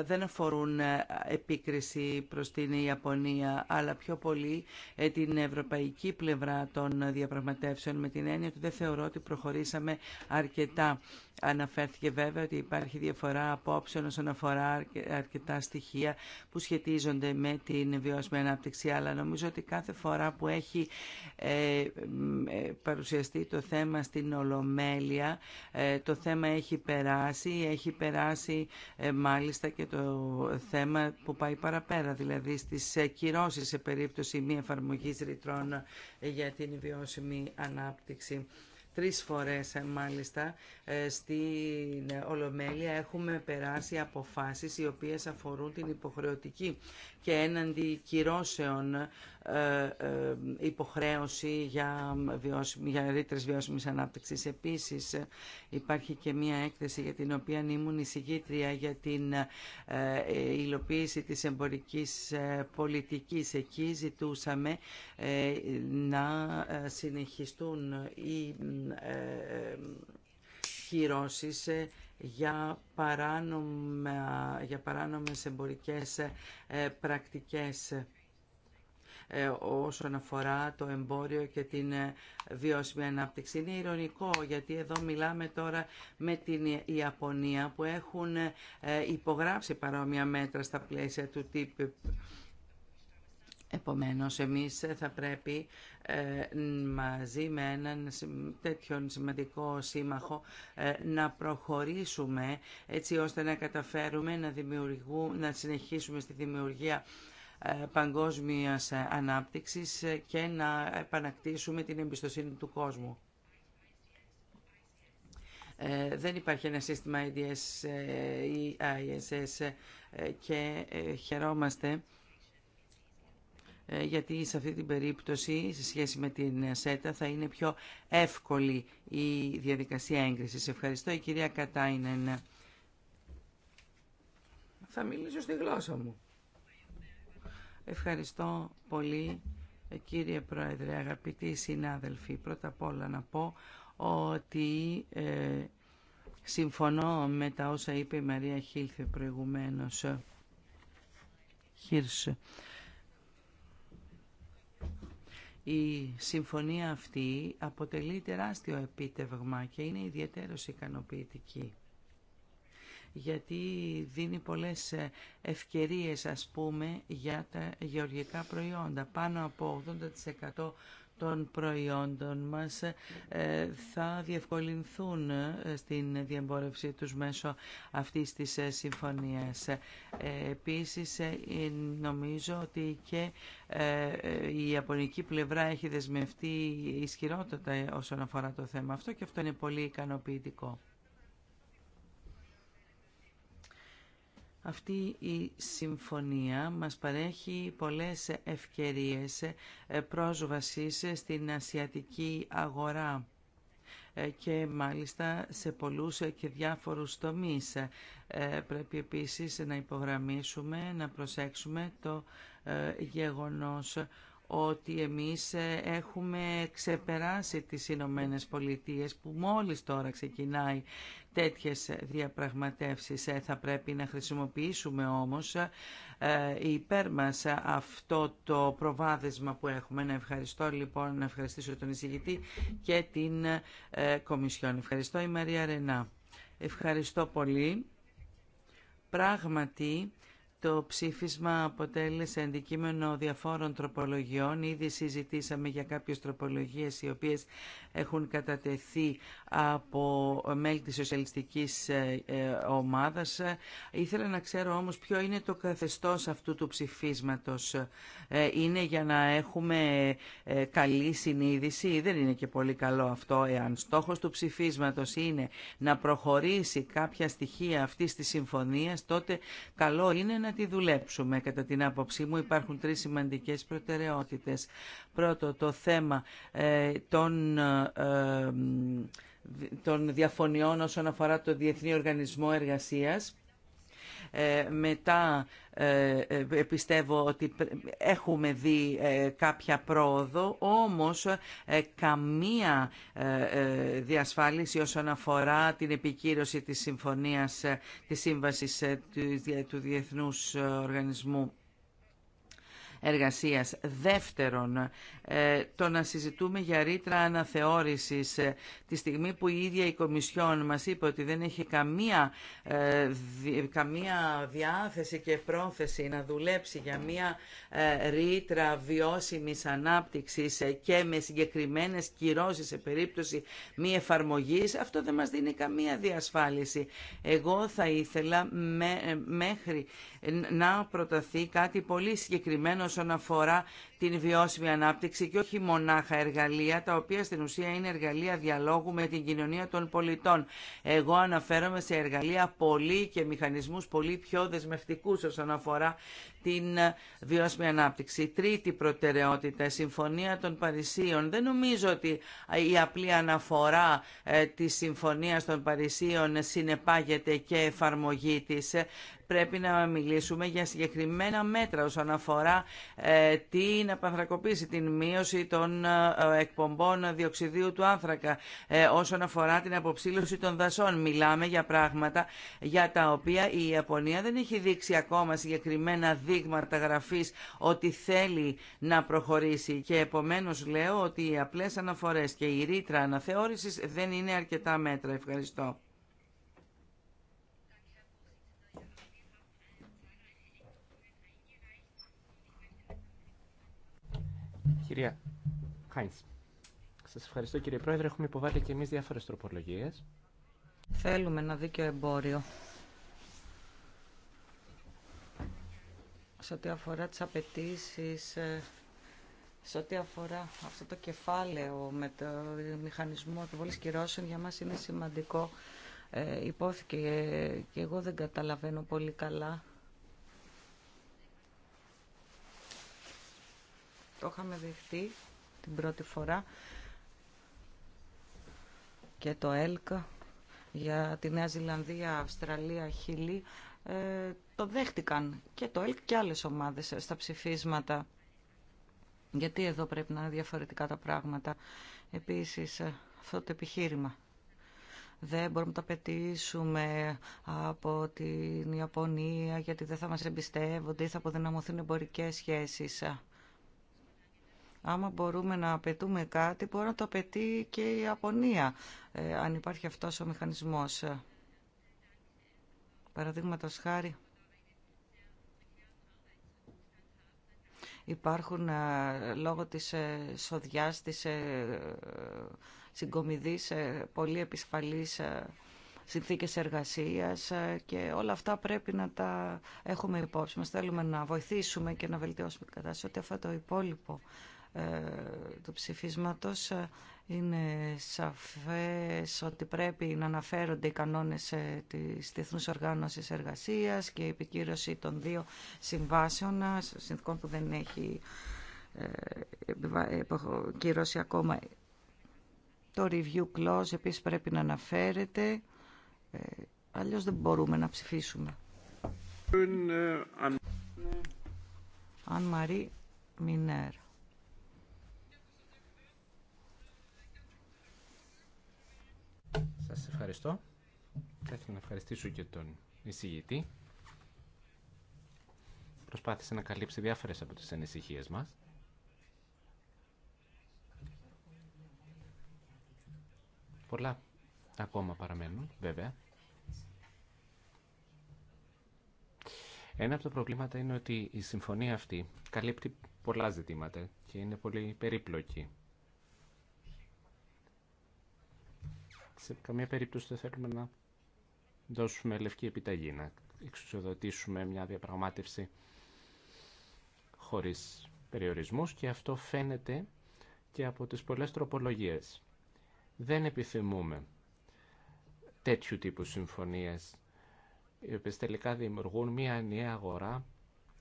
δεν αφορούν ε, επίκριση προς την Ιαπωνία, αλλά πιο πολύ ε, την ευρωπαϊκή πλευρά των διαπραγματεύσεων, με την έννοια ότι δεν θεωρώ ότι προχωρήσαμε αρκετά Αναφέρθηκε βέβαια ότι υπάρχει διαφορά απόψεων όσον αφορά αρκετά στοιχεία που σχετίζονται με την βιώσιμη ανάπτυξη, αλλά νομίζω ότι κάθε φορά που έχει ε, ε, παρουσιαστεί το θέμα στην Ολομέλεια, ε, το θέμα έχει περάσει, έχει περάσει μάλιστα και το θέμα που πάει παραπέρα, δηλαδή στις κυρώσεις σε περίπτωση μη εφαρμογής ρητρών για την βιώσιμη ανάπτυξη τρεις φορές ε, μάλιστα ε, στην Ολομέλεια έχουμε περάσει αποφάσεις οι οποίες αφορούν την υποχρεωτική και έναντι κυρώσεων ε, ε, υποχρέωση για, βιώσιμη, για ρήτρες βιώσιμης ανάπτυξης. Επίσης υπάρχει και μία έκθεση για την οποία ήμουν εισηγήτρια για την ε, υλοποίηση της εμπορικής πολιτικής. Εκεί ζητούσαμε να συνεχιστούν οι χειρώσει για, παράνομα, για παράνομες εμπορικές πρακτικές. Ε, όσον αφορά το εμπόριο και την ε, βιώσιμη ανάπτυξη. Είναι ηρωνικό γιατί εδώ μιλάμε τώρα με την Ιαπωνία που έχουν ε, υπογράψει παρόμοια μέτρα στα πλαίσια του τύπου. Επομένως, εμείς θα πρέπει μαζί με έναν τέτοιον σημαντικό σύμμαχο να προχωρήσουμε έτσι ώστε να καταφέρουμε να, δημιουργού, να συνεχίσουμε στη δημιουργία ε, παγκόσμιας ανάπτυξης και να επανακτήσουμε την εμπιστοσύνη του κόσμου. Ε, δεν υπάρχει ένα σύστημα IDS ε, ή ISS και χαιρόμαστε γιατί σε αυτή την περίπτωση, σε σχέση με την ΣΕΤΑ, θα είναι πιο εύκολη η διαδικασία έγκρισης. Ευχαριστώ, η κυρία Κατάινεν. Θα μιλήσω στη γλώσσα μου. Ευχαριστώ πολύ ε, κύριε Πρόεδρε, αγαπητοί συνάδελφοι. Πρώτα απ' όλα να πω ότι ε, συμφωνώ με τα όσα είπε η Μαρία Χίλθε προηγουμένως. Η συμφωνία αυτή αποτελεί τεράστιο επίτευγμα και είναι ιδιαίτερος ικανοποιητική γιατί δίνει πολλές ε, ευκαιρίες ας πούμε για τα γεωργικά προϊόντα. Πάνω από 80% των προϊόντων μας ε, θα διευκολυνθούν ε, στην διαμπόρευση τους μέσω αυτής της συμφωνίας. Επίσης, νομίζω ότι και η Ιαπωνική πλευρά έχει δεσμευτεί ισχυρότατα όσον αφορά το θέμα αυτό και αυτό είναι πολύ ικανοποιητικό. Αυτή η συμφωνία μας παρέχει πολλές ευκαιρίες ε, πρόσβασης στην ασιατική αγορά ε, και μάλιστα σε πολλούς και διάφορους τομείς. Ε, πρέπει επίσης να υπογραμμίσουμε, να προσέξουμε το γεγονός ότι εμείς ε, έχουμε ξεπεράσει τις Ηνωμένε Πολιτείε που μόλις τώρα ξεκινάει τέτοιες διαπραγματεύσεις. Ε, θα πρέπει να χρησιμοποιήσουμε όμως ε, υπέρ μας αυτό το προβάδισμα που έχουμε. Να ευχαριστώ λοιπόν, να ευχαριστήσω τον εισηγητή και την Κομισιόν. Ευχαριστώ η Μαρία Ρενά. Ευχαριστώ πολύ. Πράγματι, το ψήφισμα αποτέλεσε αντικείμενο διαφόρων τροπολογιών. Ήδη συζητήσαμε για κάποιες τροπολογίες οι οποίες έχουν κατατεθεί από μέλη της σοσιαλιστικής ε, ε, ομάδας. Ήθελα να ξέρω όμως ποιο είναι το καθεστώς αυτού του ψηφίσματος. Ε, είναι για να έχουμε καλή συνείδηση. Δεν είναι και πολύ καλό αυτό. Εάν στόχος του ψηφίσματος είναι να προχωρήσει κάποια στοιχεία αυτής της συμφωνίας, τότε καλό είναι να τη δουλέψουμε. Κατά την άποψή μου υπάρχουν τρεις σημαντικές προτεραιότητες. Πρώτο, το θέμα ε, των... Ε, ε των διαφωνιών όσον αφορά το Διεθνή Οργανισμό Εργασίας ε, μετά ε, ε, πιστεύω ότι έχουμε δει κάποια πρόοδο, όμως καμία διασφάλιση όσον αφορά την επικύρωση της συμφωνίας, της σύμβασης του Διεθνούς Οργανισμού εργασίας. Δεύτερον, ε, το να συζητούμε για ρήτρα αναθεώρησης ε, τη στιγμή που η ίδια η Κομισιόν μας είπε ότι δεν έχει καμία, ε, καμία διάθεση και πρόθεση να δουλέψει για μια ρήτρα βιώσιμης ανάπτυξης και με συγκεκριμένες κυρώσεις σε περίπτωση μη εφαρμογής, αυτό δεν μας δίνει καμία διασφάλιση. Εγώ θα ήθελα μέχρι να προταθεί κάτι πολύ συγκεκριμένο όσον αφορά την βιώσιμη ανάπτυξη και όχι μονάχα εργαλεία, τα οποία στην ουσία είναι εργαλεία διαλόγου με την κοινωνία των πολιτών. Εγώ αναφέρομαι σε εργαλεία πολύ και μηχανισμούς πολύ πιο δεσμευτικούς όσον αφορά την βιώσιμη ανάπτυξη. Τρίτη προτεραιότητα, Συμφωνία των Παρισίων. Δεν νομίζω ότι η απλή αναφορά ε, της Συμφωνίας των Παρισίων συνεπάγεται και εφαρμογή της. Πρέπει να μιλήσουμε για συγκεκριμένα μέτρα όσον αφορά ε, την να την μείωση των ε, εκπομπών διοξιδίου του άνθρακα ε, όσον αφορά την αποψήλωση των δασών. Μιλάμε για πράγματα για τα οποία η Ιαπωνία δεν έχει δείξει ακόμα συγκεκριμένα δείγματα γραφή ότι θέλει να προχωρήσει και επομένως λέω ότι οι απλές αναφορές και η ρήτρα αναθεώρησης δεν είναι αρκετά μέτρα. Ευχαριστώ. Κυρία Χάινς. Σας ευχαριστώ κύριε Πρόεδρε. Έχουμε υποβάλει και εμεί διάφορε τροπολογίε. Θέλουμε ένα δίκαιο εμπόριο. Σε ό,τι αφορά τι απαιτήσει, ε, σε ό,τι αφορά αυτό το κεφάλαιο με το μηχανισμό του κυρώσεων, για μας είναι σημαντικό. Ε, υπόθηκε ε, και εγώ δεν καταλαβαίνω πολύ καλά Το είχαμε δεχτεί την πρώτη φορά και το ΕΛΚ για τη Νέα Ζηλανδία, Αυστραλία, Χιλή. Ε, το δέχτηκαν και το ΕΛΚ και άλλες ομάδες στα ψηφίσματα. Γιατί εδώ πρέπει να είναι διαφορετικά τα πράγματα. Επίσης, ε, αυτό το επιχείρημα δεν μπορούμε να τα πετήσουμε από την Ιαπωνία γιατί δεν θα μας εμπιστεύονται ή θα αποδυναμωθούν εμπορικές σχέσεις. Άμα μπορούμε να απαιτούμε κάτι, μπορεί να το απαιτεί και η Ιαπωνία, ε, αν υπάρχει αυτός ο μηχανισμός. Παραδείγματο χάρη, υπάρχουν ε, λόγω της ε, σοδιάς, της συγκομιδής, πολύ επισφαλής συνθήκες εργασίας και όλα αυτά πρέπει να τα έχουμε υπόψη μας. Θέλουμε να βοηθήσουμε και να βελτιώσουμε την κατάσταση. Ό,τι αυτό το υπόλοιπο ε, του ψηφίσματος ε, είναι σαφές ότι πρέπει να αναφέρονται οι κανόνες ε, της Διεθνούς Οργάνωσης Εργασίας και η επικύρωση των δύο συμβάσεων, συνθήκων που δεν έχει κυρώσει ακόμα. Το review clause επίσης πρέπει να αναφέρεται, αλλιώς δεν μπορούμε να ψηφίσουμε. Αν Μαρή Μινέρ. Σας ευχαριστώ. Θα ήθελα να ευχαριστήσω και τον εισηγητή. Προσπάθησε να καλύψει διάφορες από τις ανησυχίες μας. Πολλά ακόμα παραμένουν, βέβαια. Ένα από τα προβλήματα είναι ότι η συμφωνία αυτή καλύπτει πολλά ζητήματα και είναι πολύ περίπλοκη. σε καμία περίπτωση δεν θέλουμε να δώσουμε λευκή επιταγή, να εξουσιοδοτήσουμε μια διαπραγμάτευση χωρίς περιορισμούς και αυτό φαίνεται και από τις πολλές τροπολογίες. Δεν επιθυμούμε τέτοιου τύπου συμφωνίες, οι οποίες τελικά δημιουργούν μια ενιαία αγορά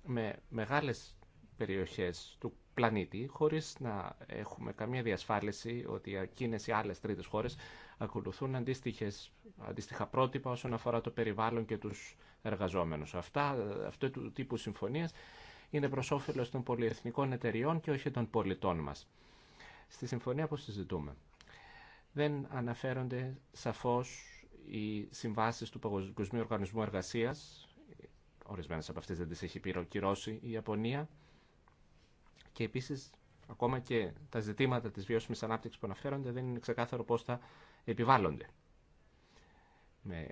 με μεγάλες περιοχές του πλανήτη, χωρίς να έχουμε καμία διασφάλιση ότι εκείνες οι άλλες τρίτες χώρες ακολουθούν αντίστοιχα πρότυπα όσον αφορά το περιβάλλον και τους εργαζόμενους. Αυτά, αυτό του τύπου συμφωνίας είναι προς όφελος των πολυεθνικών εταιριών και όχι των πολιτών μας. Στη συμφωνία που συζητούμε δεν αναφέρονται σαφώς οι συμβάσεις του Παγκοσμίου Οργανισμού Εργασίας, ορισμένες από αυτές δεν τις έχει πυροκυρώσει η Ιαπωνία, και επίσης ακόμα και τα ζητήματα της βιώσιμης ανάπτυξης που αναφέρονται δεν είναι ξεκάθαρο πώς θα επιβάλλονται. Με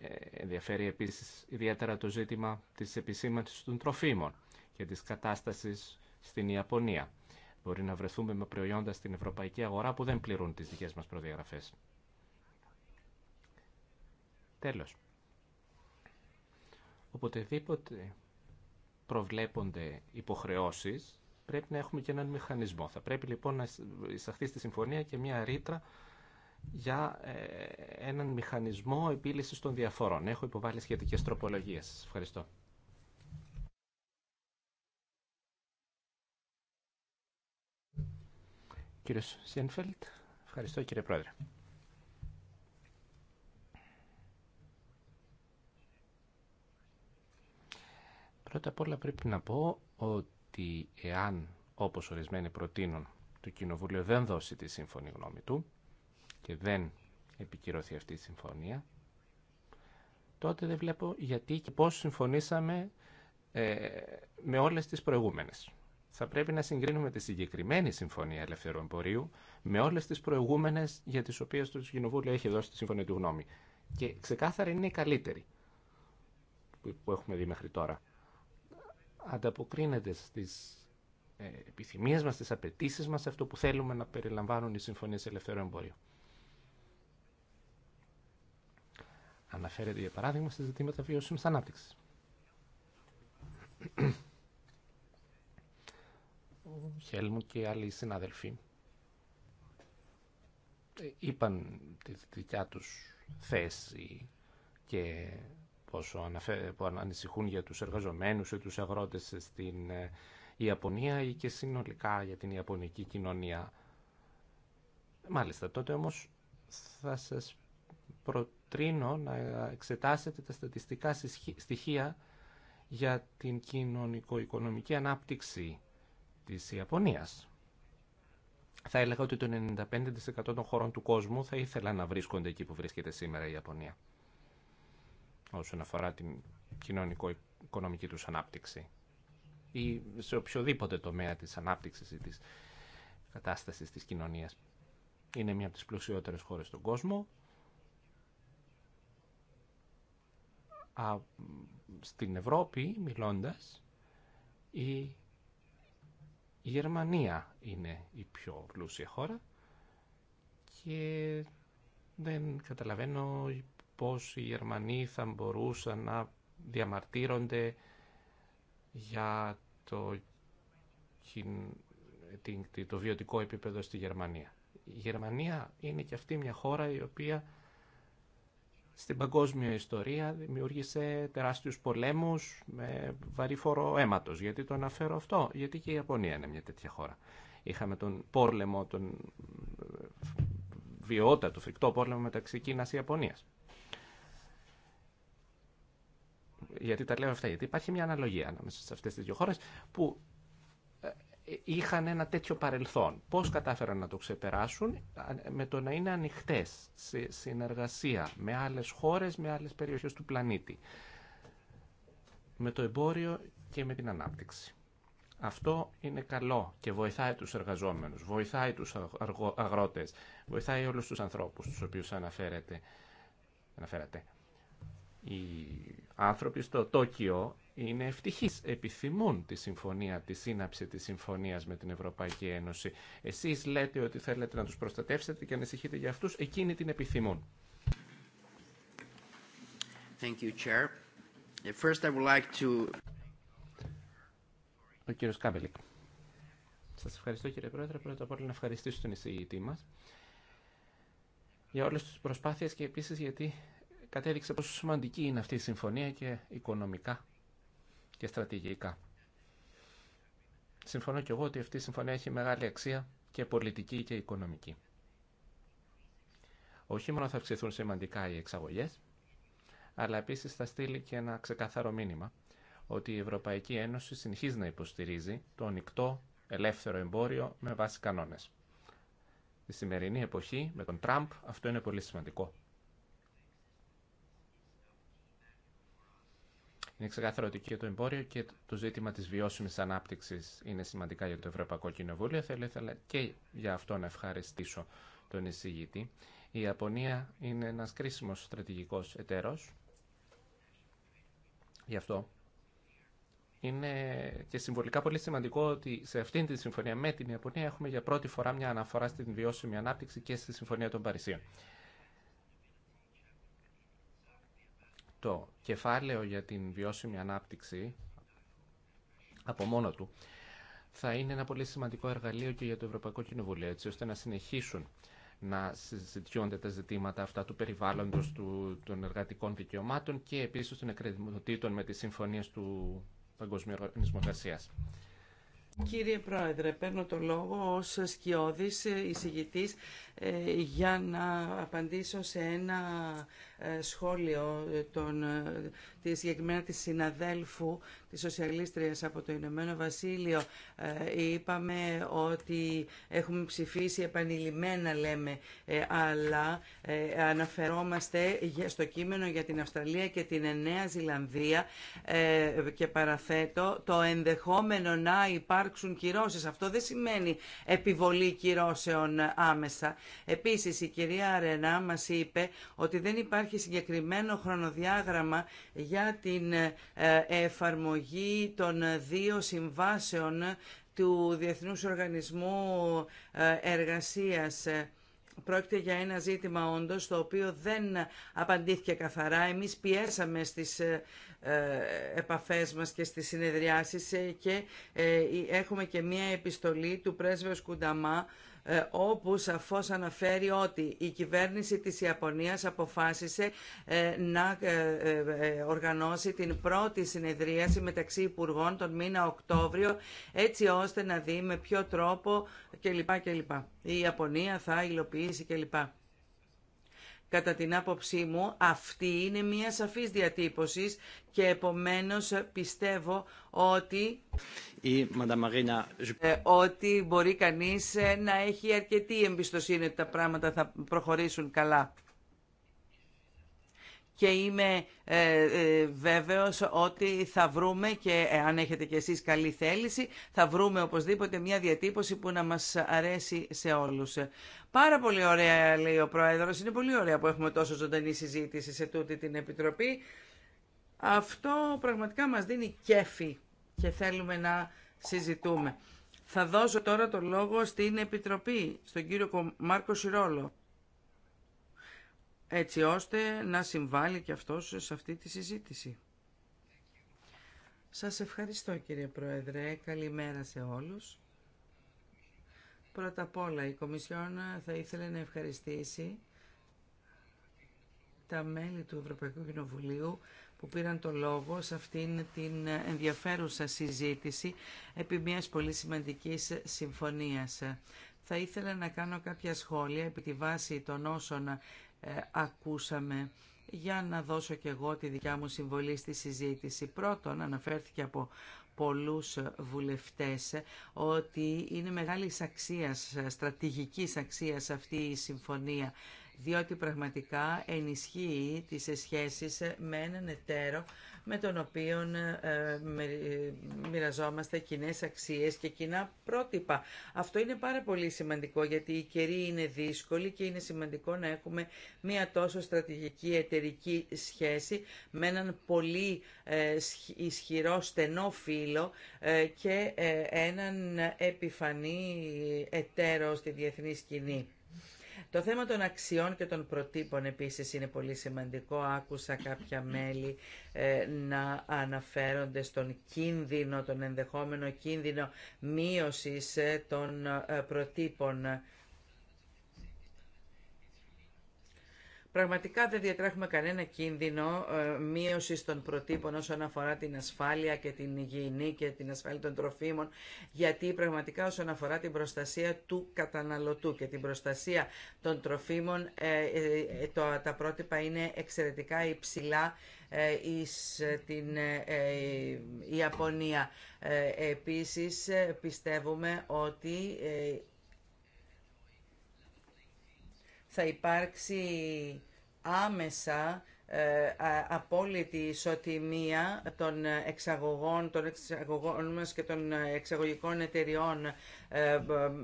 ε, ενδιαφέρει επίσης ιδιαίτερα το ζήτημα της επισήμανσης των τροφίμων και της κατάστασης στην Ιαπωνία. Μπορεί να βρεθούμε με προϊόντα στην ευρωπαϊκή αγορά που δεν πληρούν τις δικές μας προδιαγραφές. Τέλος. Οποτεδήποτε προβλέπονται υποχρεώσεις, πρέπει να έχουμε και έναν μηχανισμό. Θα πρέπει λοιπόν να εισαχθεί στη συμφωνία και μια ρήτρα για ε, έναν μηχανισμό επίλυσης των διαφορών. Έχω υποβάλει σχετικές τροπολογίες. Ευχαριστώ. Κύριος Σιένφελτ. Ευχαριστώ κύριε Πρόεδρε. Πρώτα απ' όλα πρέπει να πω ότι εάν, όπως ορισμένοι προτείνουν, το Κοινοβούλιο δεν δώσει τη σύμφωνη γνώμη του, και δεν επικυρωθεί αυτή η συμφωνία, τότε δεν βλέπω γιατί και πώς συμφωνήσαμε ε, με όλες τις προηγούμενες. Θα πρέπει να συγκρίνουμε τη συγκεκριμένη Συμφωνία Ελευθερού Εμπορίου με όλες τις προηγούμενες για τις οποίες το Κοινοβούλιο έχει δώσει τη Σύμφωνη του Γνώμη. Και ξεκάθαρα είναι η καλύτερη που έχουμε δει μέχρι τώρα. Ανταποκρίνεται στις ε, επιθυμίες μας, στις απαιτήσει μας, σε αυτό που θέλουμε να περιλαμβάνουν οι Συμφωνίες Ελευθερού Εμπορίου. Αναφέρεται για παράδειγμα σε ζητήματα βιώσιμη ανάπτυξη. Ο Χέλμου και άλλοι συνάδελφοι ε, είπαν τη δικιά τους θέση και πόσο αναφέ, ανησυχούν για τους εργαζομένους ή τους αγρότες στην ε, Ιαπωνία ή και συνολικά για την Ιαπωνική κοινωνία. Μάλιστα, τότε όμως θα σας προτρίνω να εξετάσετε τα στατιστικά στοιχεία για την κοινωνικο-οικονομική ανάπτυξη της Ιαπωνίας. Θα έλεγα ότι το 95% των χωρών του κόσμου θα ήθελα να βρίσκονται εκεί που βρίσκεται σήμερα η Ιαπωνία όσον αφορά την κοινωνικο-οικονομική τους ανάπτυξη ή σε οποιοδήποτε τομέα της ανάπτυξης ή της κατάστασης της κοινωνίας. Είναι μία από τις πλουσιότερες χώρες στον κόσμο στην Ευρώπη μιλώντας η Γερμανία είναι η πιο πλούσια χώρα και δεν καταλαβαίνω πώς οι Γερμανοί θα μπορούσαν να διαμαρτύρονται για το, το βιωτικό επίπεδο στη Γερμανία. Η Γερμανία είναι και αυτή μια χώρα η οποία στην παγκόσμια ιστορία δημιούργησε τεράστιους πολέμους με βαρύ φόρο αίματος. Γιατί το αναφέρω αυτό, γιατί και η Ιαπωνία είναι μια τέτοια χώρα. Είχαμε τον πόλεμο, τον βιώτατο φρικτό πόλεμο μεταξύ Κίνας και Ιαπωνίας. Γιατί τα λέω αυτά, γιατί υπάρχει μια αναλογία ανάμεσα σε αυτές τις δύο χώρες που είχαν ένα τέτοιο παρελθόν. Πώς κατάφεραν να το ξεπεράσουν με το να είναι ανοιχτές σε συνεργασία με άλλες χώρες, με άλλες περιοχές του πλανήτη. Με το εμπόριο και με την ανάπτυξη. Αυτό είναι καλό και βοηθάει τους εργαζόμενους, βοηθάει τους αγρότες, βοηθάει όλους τους ανθρώπους τους οποίους αναφέρετε. αναφέρατε. Οι άνθρωποι στο Τόκιο είναι ευτυχείς, επιθυμούν τη συμφωνία, τη σύναψη της συμφωνίας με την Ευρωπαϊκή Ένωση. Εσείς λέτε ότι θέλετε να τους προστατεύσετε και ανησυχείτε για αυτούς, εκείνοι την επιθυμούν. Thank you, Chair. First, I would like to... Ο κύριος Κάμπελικ. Σας ευχαριστώ κύριε Πρόεδρε. Πρώτα απ' όλα να ευχαριστήσω τον εισηγητή μας για όλες τις προσπάθειες και επίσης γιατί κατέδειξε πόσο σημαντική είναι αυτή η συμφωνία και οικονομικά και στρατηγικά. Συμφωνώ και εγώ ότι αυτή η συμφωνία έχει μεγάλη αξία και πολιτική και οικονομική. Όχι μόνο θα αυξηθούν σημαντικά οι εξαγωγές, αλλά επίσης θα στείλει και ένα ξεκάθαρο μήνυμα ότι η Ευρωπαϊκή Ένωση συνεχίζει να υποστηρίζει το ανοιχτό ελεύθερο εμπόριο με βάση κανόνες. Στη σημερινή εποχή με τον Τραμπ αυτό είναι πολύ σημαντικό. Είναι ξεκάθαρο ότι και το εμπόριο και το ζήτημα της βιώσιμης ανάπτυξης είναι σημαντικά για το Ευρωπαϊκό Κοινοβούλιο. Θα ήθελα και για αυτό να ευχαριστήσω τον εισηγητή. Η Ιαπωνία είναι ένας κρίσιμος στρατηγικός εταίρο. Γι' αυτό είναι και συμβολικά πολύ σημαντικό ότι σε αυτήν τη συμφωνία με την Ιαπωνία έχουμε για πρώτη φορά μια αναφορά στην βιώσιμη ανάπτυξη και στη Συμφωνία των Παρισίων. το κεφάλαιο για την βιώσιμη ανάπτυξη από μόνο του θα είναι ένα πολύ σημαντικό εργαλείο και για το Ευρωπαϊκό Κοινοβούλιο, έτσι ώστε να συνεχίσουν να συζητιούνται τα ζητήματα αυτά του περιβάλλοντος, του, των εργατικών δικαιωμάτων και επίσης των εκκρεμωτήτων με τις συμφωνίες του Παγκοσμίου Οργανισμού Εργασίας. Κύριε Πρόεδρε, παίρνω το λόγο ως σκιώδης εισηγητής ε, για να απαντήσω σε ένα ε, σχόλιο των, ε, της συγκεκριμένα της συναδέλφου της Σοσιαλίστριας από το Ηνωμένο Βασίλειο. Είπαμε ότι έχουμε ψηφίσει επανειλημμένα λέμε, αλλά αναφερόμαστε στο κείμενο για την Αυστραλία και την Νέα Ζηλανδία και παραθέτω το ενδεχόμενο να υπάρχει υπάρξουν κυρώσεις. Αυτό δεν σημαίνει επιβολή κυρώσεων άμεσα. Επίσης, η κυρία Αρενά μας είπε ότι δεν υπάρχει συγκεκριμένο χρονοδιάγραμμα για την ε, εφαρμογή των δύο συμβάσεων του Διεθνούς Οργανισμού ε, Εργασίας Πρόκειται για ένα ζήτημα όντως το οποίο δεν απαντήθηκε καθαρά. Εμείς πιέσαμε στις ε, ε επαφές μας και στις συνεδριάσεις ε, και ε, έχουμε και μία επιστολή του πρέσβεως Κουνταμά ε, όπου σαφώς αναφέρει ότι η κυβέρνηση της Ιαπωνίας αποφάσισε ε, να ε, οργανώσει την πρώτη συνεδρίαση μεταξύ Υπουργών τον μήνα Οκτώβριο έτσι ώστε να δει με ποιο τρόπο κλπ. Η Ιαπωνία θα υλοποιήσει κλπ. Κατά την άποψή μου αυτή είναι μια σαφής διατύπωση και επομένως πιστεύω ότι, Η, ε, ότι μπορεί κανείς να έχει αρκετή εμπιστοσύνη ότι τα πράγματα θα προχωρήσουν καλά και είμαι ε, ε, βέβαιος ότι θα βρούμε και ε, αν έχετε κι εσείς καλή θέληση θα βρούμε οπωσδήποτε μια διατύπωση που να μας αρέσει σε όλους. Πάρα πολύ ωραία λέει ο Πρόεδρος, είναι πολύ ωραία που έχουμε τόσο ζωντανή συζήτηση σε τούτη την Επιτροπή. Αυτό πραγματικά μας δίνει κέφι και θέλουμε να συζητούμε. Θα δώσω τώρα το λόγο στην Επιτροπή, στον κύριο Μάρκο Σιρόλο έτσι ώστε να συμβάλλει και αυτός σε αυτή τη συζήτηση. Σας ευχαριστώ κύριε Πρόεδρε. Καλημέρα σε όλους. Πρώτα απ' όλα η Κομισιόν θα ήθελε να ευχαριστήσει τα μέλη του Ευρωπαϊκού Κοινοβουλίου που πήραν το λόγο σε αυτήν την ενδιαφέρουσα συζήτηση επί μιας πολύ σημαντικής συμφωνίας. Θα ήθελα να κάνω κάποια σχόλια επί τη βάση των όσων ε, ακούσαμε για να δώσω και εγώ τη δικιά μου συμβολή στη συζήτηση. Πρώτον, αναφέρθηκε από πολλούς βουλευτές ότι είναι μεγάλη αξίας, στρατηγικής αξίας αυτή η συμφωνία διότι πραγματικά ενισχύει τις σχέσεις με έναν εταίρο με τον οποίο ε, ε, ε, μοιραζόμαστε κοινέ αξίες και κοινά πρότυπα. Αυτό είναι πάρα πολύ σημαντικό γιατί οι καιροί είναι δύσκολοι και είναι σημαντικό να έχουμε μία τόσο στρατηγική εταιρική σχέση με έναν πολύ ισχυρό στενό φίλο και έναν επιφανή εταίρο στη διεθνή σκηνή. Το θέμα των αξιών και των προτύπων επίσης είναι πολύ σημαντικό. Άκουσα κάποια μέλη ε, να αναφέρονται στον κίνδυνο, τον ενδεχόμενο κίνδυνο μείωσης ε, των ε, προτύπων Πραγματικά δεν διατρέχουμε κανένα κίνδυνο ε, μείωση των προτύπων όσον αφορά την ασφάλεια και την υγιεινή και την ασφάλεια των τροφίμων, γιατί πραγματικά όσον αφορά την προστασία του καταναλωτού και την προστασία των τροφίμων, ε, ε, τα πρότυπα είναι εξαιρετικά υψηλά εις την Ιαπωνία. Επίσης πιστεύουμε ότι θα υπάρξει άμεσα ε, απόλυτη ισοτιμία των εξαγωγών, των εξαγωγών μας και των εξαγωγικών εταιριών ε,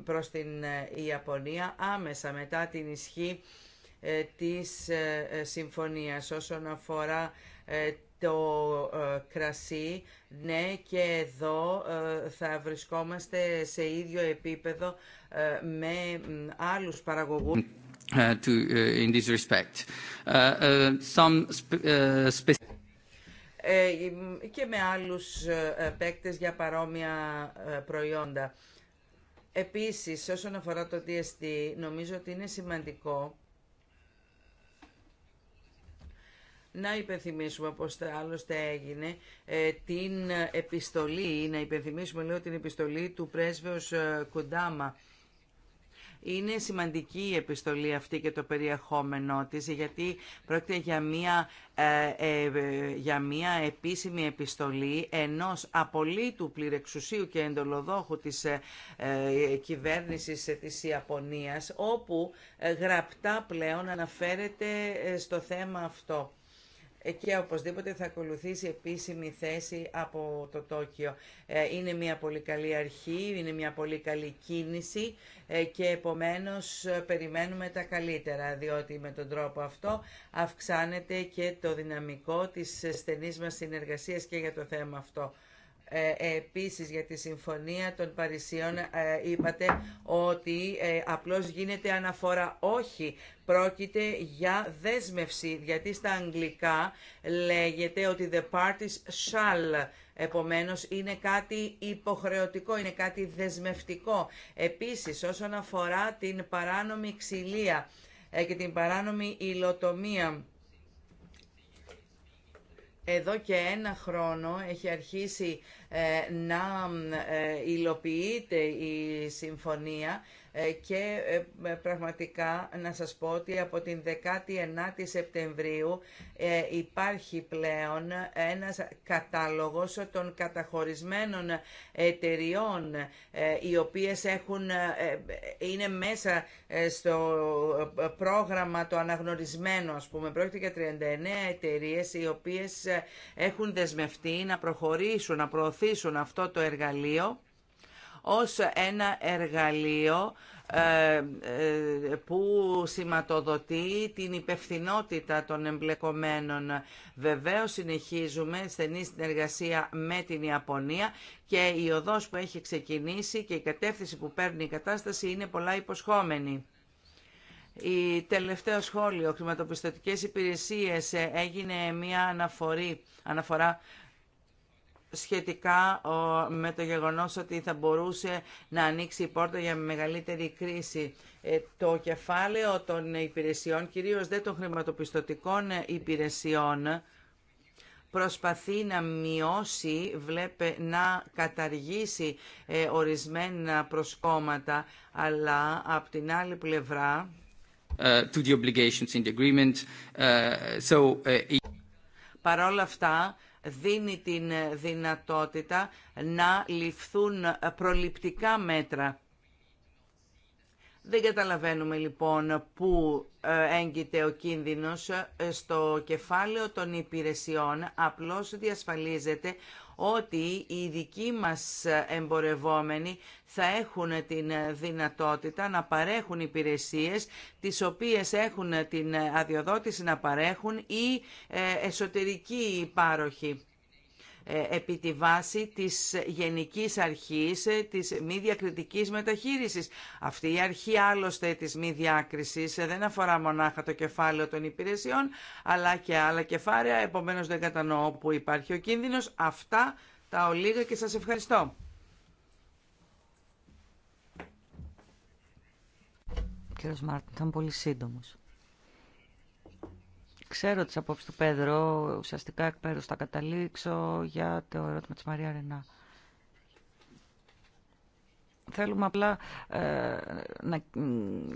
προς την ε, Ιαπωνία άμεσα μετά την ισχύ της συμφωνίας όσον αφορά το κρασί, ναι και εδώ θα βρισκόμαστε σε ίδιο επίπεδο με άλλους παραγωγούς. Uh, uh, in this uh, ε, και με άλλους ε, παίκτες για παρόμοια ε, προϊόντα. Επίσης, όσον αφορά το DST, νομίζω ότι είναι σημαντικό να υπενθυμίσουμε, όπως άλλωστε έγινε, την επιστολή, να υπενθυμίσουμε λέω την επιστολή του πρέσβεως Κουντάμα, είναι σημαντική η επιστολή αυτή και το περιεχόμενό της, γιατί πρόκειται για μία, ε, ε, για μία επίσημη επιστολή ενός απολύτου πληρεξουσίου και εντολοδόχου της ε, ε κυβέρνησης της Ιαπωνίας, όπου γραπτά πλέον αναφέρεται στο θέμα αυτό και οπωσδήποτε θα ακολουθήσει επίσημη θέση από το Τόκιο. Ε, είναι μια πολύ καλή αρχή, είναι μια πολύ καλή κίνηση ε, και επομένως ε, περιμένουμε τα καλύτερα, διότι με τον τρόπο αυτό αυξάνεται και το δυναμικό της στενής μας συνεργασίας και για το θέμα αυτό. Ε, επίσης για τη Συμφωνία των Παρισίων ε, είπατε ότι ε, απλώς γίνεται αναφορά. Όχι, πρόκειται για δέσμευση, γιατί στα αγγλικά λέγεται ότι the parties shall. Επομένως είναι κάτι υποχρεωτικό, είναι κάτι δεσμευτικό. Επίσης όσον αφορά την παράνομη ξυλία και την παράνομη υλοτομία εδώ και ένα χρόνο έχει αρχίσει ε, να ε, υλοποιείται η συμφωνία ε, και πραγματικά να σας πω ότι από την 19η Σεπτεμβρίου υπάρχει πλέον ένας κατάλογος των καταχωρισμένων εταιριών οι οποίες έχουν, είναι μέσα στο πρόγραμμα το αναγνωρισμένο ας πούμε. Πρόκειται για 39 εταιρείες οι οποίες έχουν δεσμευτεί να προχωρήσουν, να προωθήσουν αυτό το εργαλείο ως ένα εργαλείο ε, ε, που σηματοδοτεί την υπευθυνότητα των εμπλεκομένων. Βεβαίως συνεχίζουμε στενή συνεργασία με την Ιαπωνία και η οδός που έχει ξεκινήσει και η κατεύθυνση που παίρνει η κατάσταση είναι πολλά υποσχόμενη. Η τελευταίο σχόλιο, χρηματοπιστωτικές υπηρεσίες, ε, έγινε μια αναφορή, αναφορά σχετικά με το γεγονός ότι θα μπορούσε να ανοίξει η πόρτα για μεγαλύτερη κρίση. Ε, το κεφάλαιο των υπηρεσιών, κυρίως δεν των χρηματοπιστωτικών υπηρεσιών, προσπαθεί να μειώσει, βλέπε να καταργήσει ε, ορισμένα προσκόμματα, αλλά από την άλλη πλευρά... Παρόλα αυτά, δίνει την δυνατότητα να ληφθούν προληπτικά μέτρα. Δεν καταλαβαίνουμε λοιπόν πού ε, έγκυται ο κίνδυνος ε, στο κεφάλαιο των υπηρεσιών. Απλώς διασφαλίζεται ότι οι δικοί μας εμπορευόμενοι θα έχουν την δυνατότητα να παρέχουν υπηρεσίες τις οποίες έχουν την αδειοδότηση να παρέχουν ή ε, εσωτερική πάροχοι. Ε, επί τη βάση της γενικής αρχής ε, της μη διακριτικής μεταχείρισης. Αυτή η αρχή άλλωστε της μη διάκρισης ε, δεν αφορά μονάχα το κεφάλαιο των υπηρεσιών, αλλά και άλλα κεφάλαια, επομένως δεν κατανοώ που υπάρχει ο κίνδυνος. Αυτά τα ολίγα και σας ευχαριστώ. Κύριος Μάρτιν, ήταν πολύ σύντομος. Ξέρω τις απόψεις του Πέδρο, ουσιαστικά εκ θα καταλήξω για το ερώτημα της Μαρία Ρενά. Θέλουμε απλά ε, να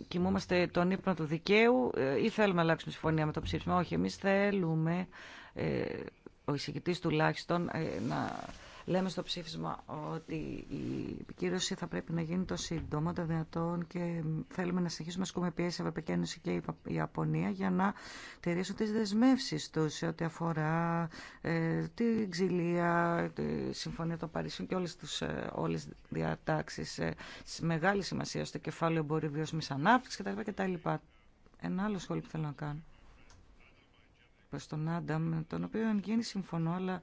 κοιμούμαστε τον ύπνο του δικαίου ε, ή θέλουμε να αλλάξουμε συμφωνία με το ψήφισμα. Όχι, εμείς θέλουμε, ε, ο εισηγητής τουλάχιστον, ε, να Λέμε στο ψήφισμα ότι η επικύρωση θα πρέπει να γίνει το σύντομα των δυνατόν και θέλουμε να συνεχίσουμε να σκούμε πιέσει η Ευρωπαϊκή Ένωση και η Ιαπωνία για να τηρήσουν τι δεσμεύσει του σε ό,τι αφορά ε, την ξυλία, τη Συμφωνία των Παρισιών και όλε τι διατάξει. Ε, ε μεγάλη σημασία στο κεφάλαιο εμπορίου βιώσιμη ανάπτυξη κτλ. Ένα άλλο σχόλιο που θέλω να κάνω προς τον Άνταμ, τον οποίο εν γίνει συμφωνώ, αλλά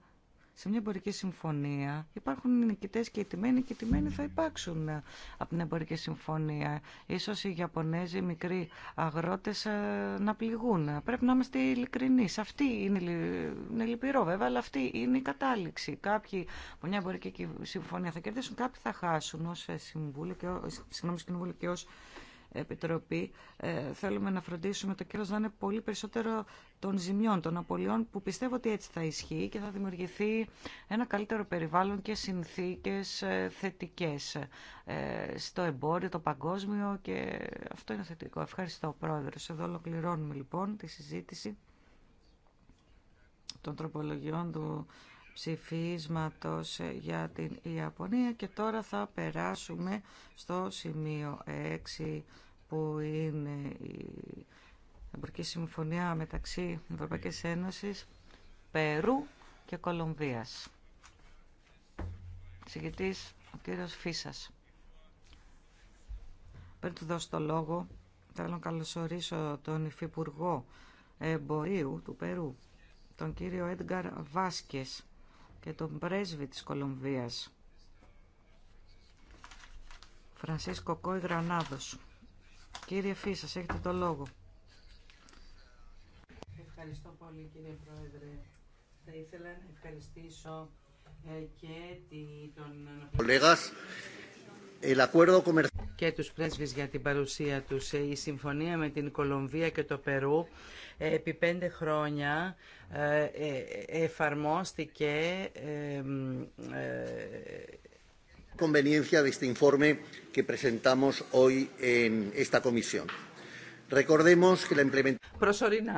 σε μια εμπορική συμφωνία υπάρχουν οι και οι τιμένοι και οι τιμένοι θα υπάρξουν από την εμπορική συμφωνία. Ίσως οι Ιαπωνέζοι οι μικροί αγρότες ε, να πληγούν. Πρέπει να είμαστε ειλικρινεί. Αυτή είναι, είναι λυπηρό βέβαια, αλλά αυτή είναι η κατάληξη. Κάποιοι από μια εμπορική συμφωνία θα κερδίσουν, κάποιοι θα χάσουν ω ε, Συμβούλιο και, ω Επιτροπή ε, θέλουμε να φροντίσουμε το κύριο να είναι πολύ περισσότερο των ζημιών, των απολειών που πιστεύω ότι έτσι θα ισχύει και θα δημιουργηθεί ένα καλύτερο περιβάλλον και συνθήκες ε, θετικές ε, στο εμπόριο, το παγκόσμιο και αυτό είναι θετικό. Ευχαριστώ πρόεδρο. Εδώ ολοκληρώνουμε λοιπόν τη συζήτηση των τροπολογιών του ψηφίσματος ε, για την Ιαπωνία και τώρα θα περάσουμε στο σημείο 6 που είναι η εμπορική συμφωνία μεταξύ Ευρωπαϊκής Ένωσης, Περού και Κολομβίας. Συγητής ο κύριος Φίσας. Πριν του δώσω το λόγο, θέλω να καλωσορίσω τον Υφυπουργό Εμπορίου του Περού, τον κύριο Έντγκαρ Βάσκες και τον πρέσβη της Κολομβίας, Φρανσίσκο Κόι Γρανάδος. Κύριε Φίσας, έχετε το λόγο. Ευχαριστώ πολύ κύριε Πρόεδρε. Θα ήθελα να ευχαριστήσω ε, και τον και τους πρέσβεις για την παρουσία τους. Η συμφωνία με την Κολομβία και το Περού ε, επί πέντε χρόνια ε, ε, εφαρμόστηκε de este informe que presentamos Προσωρινά.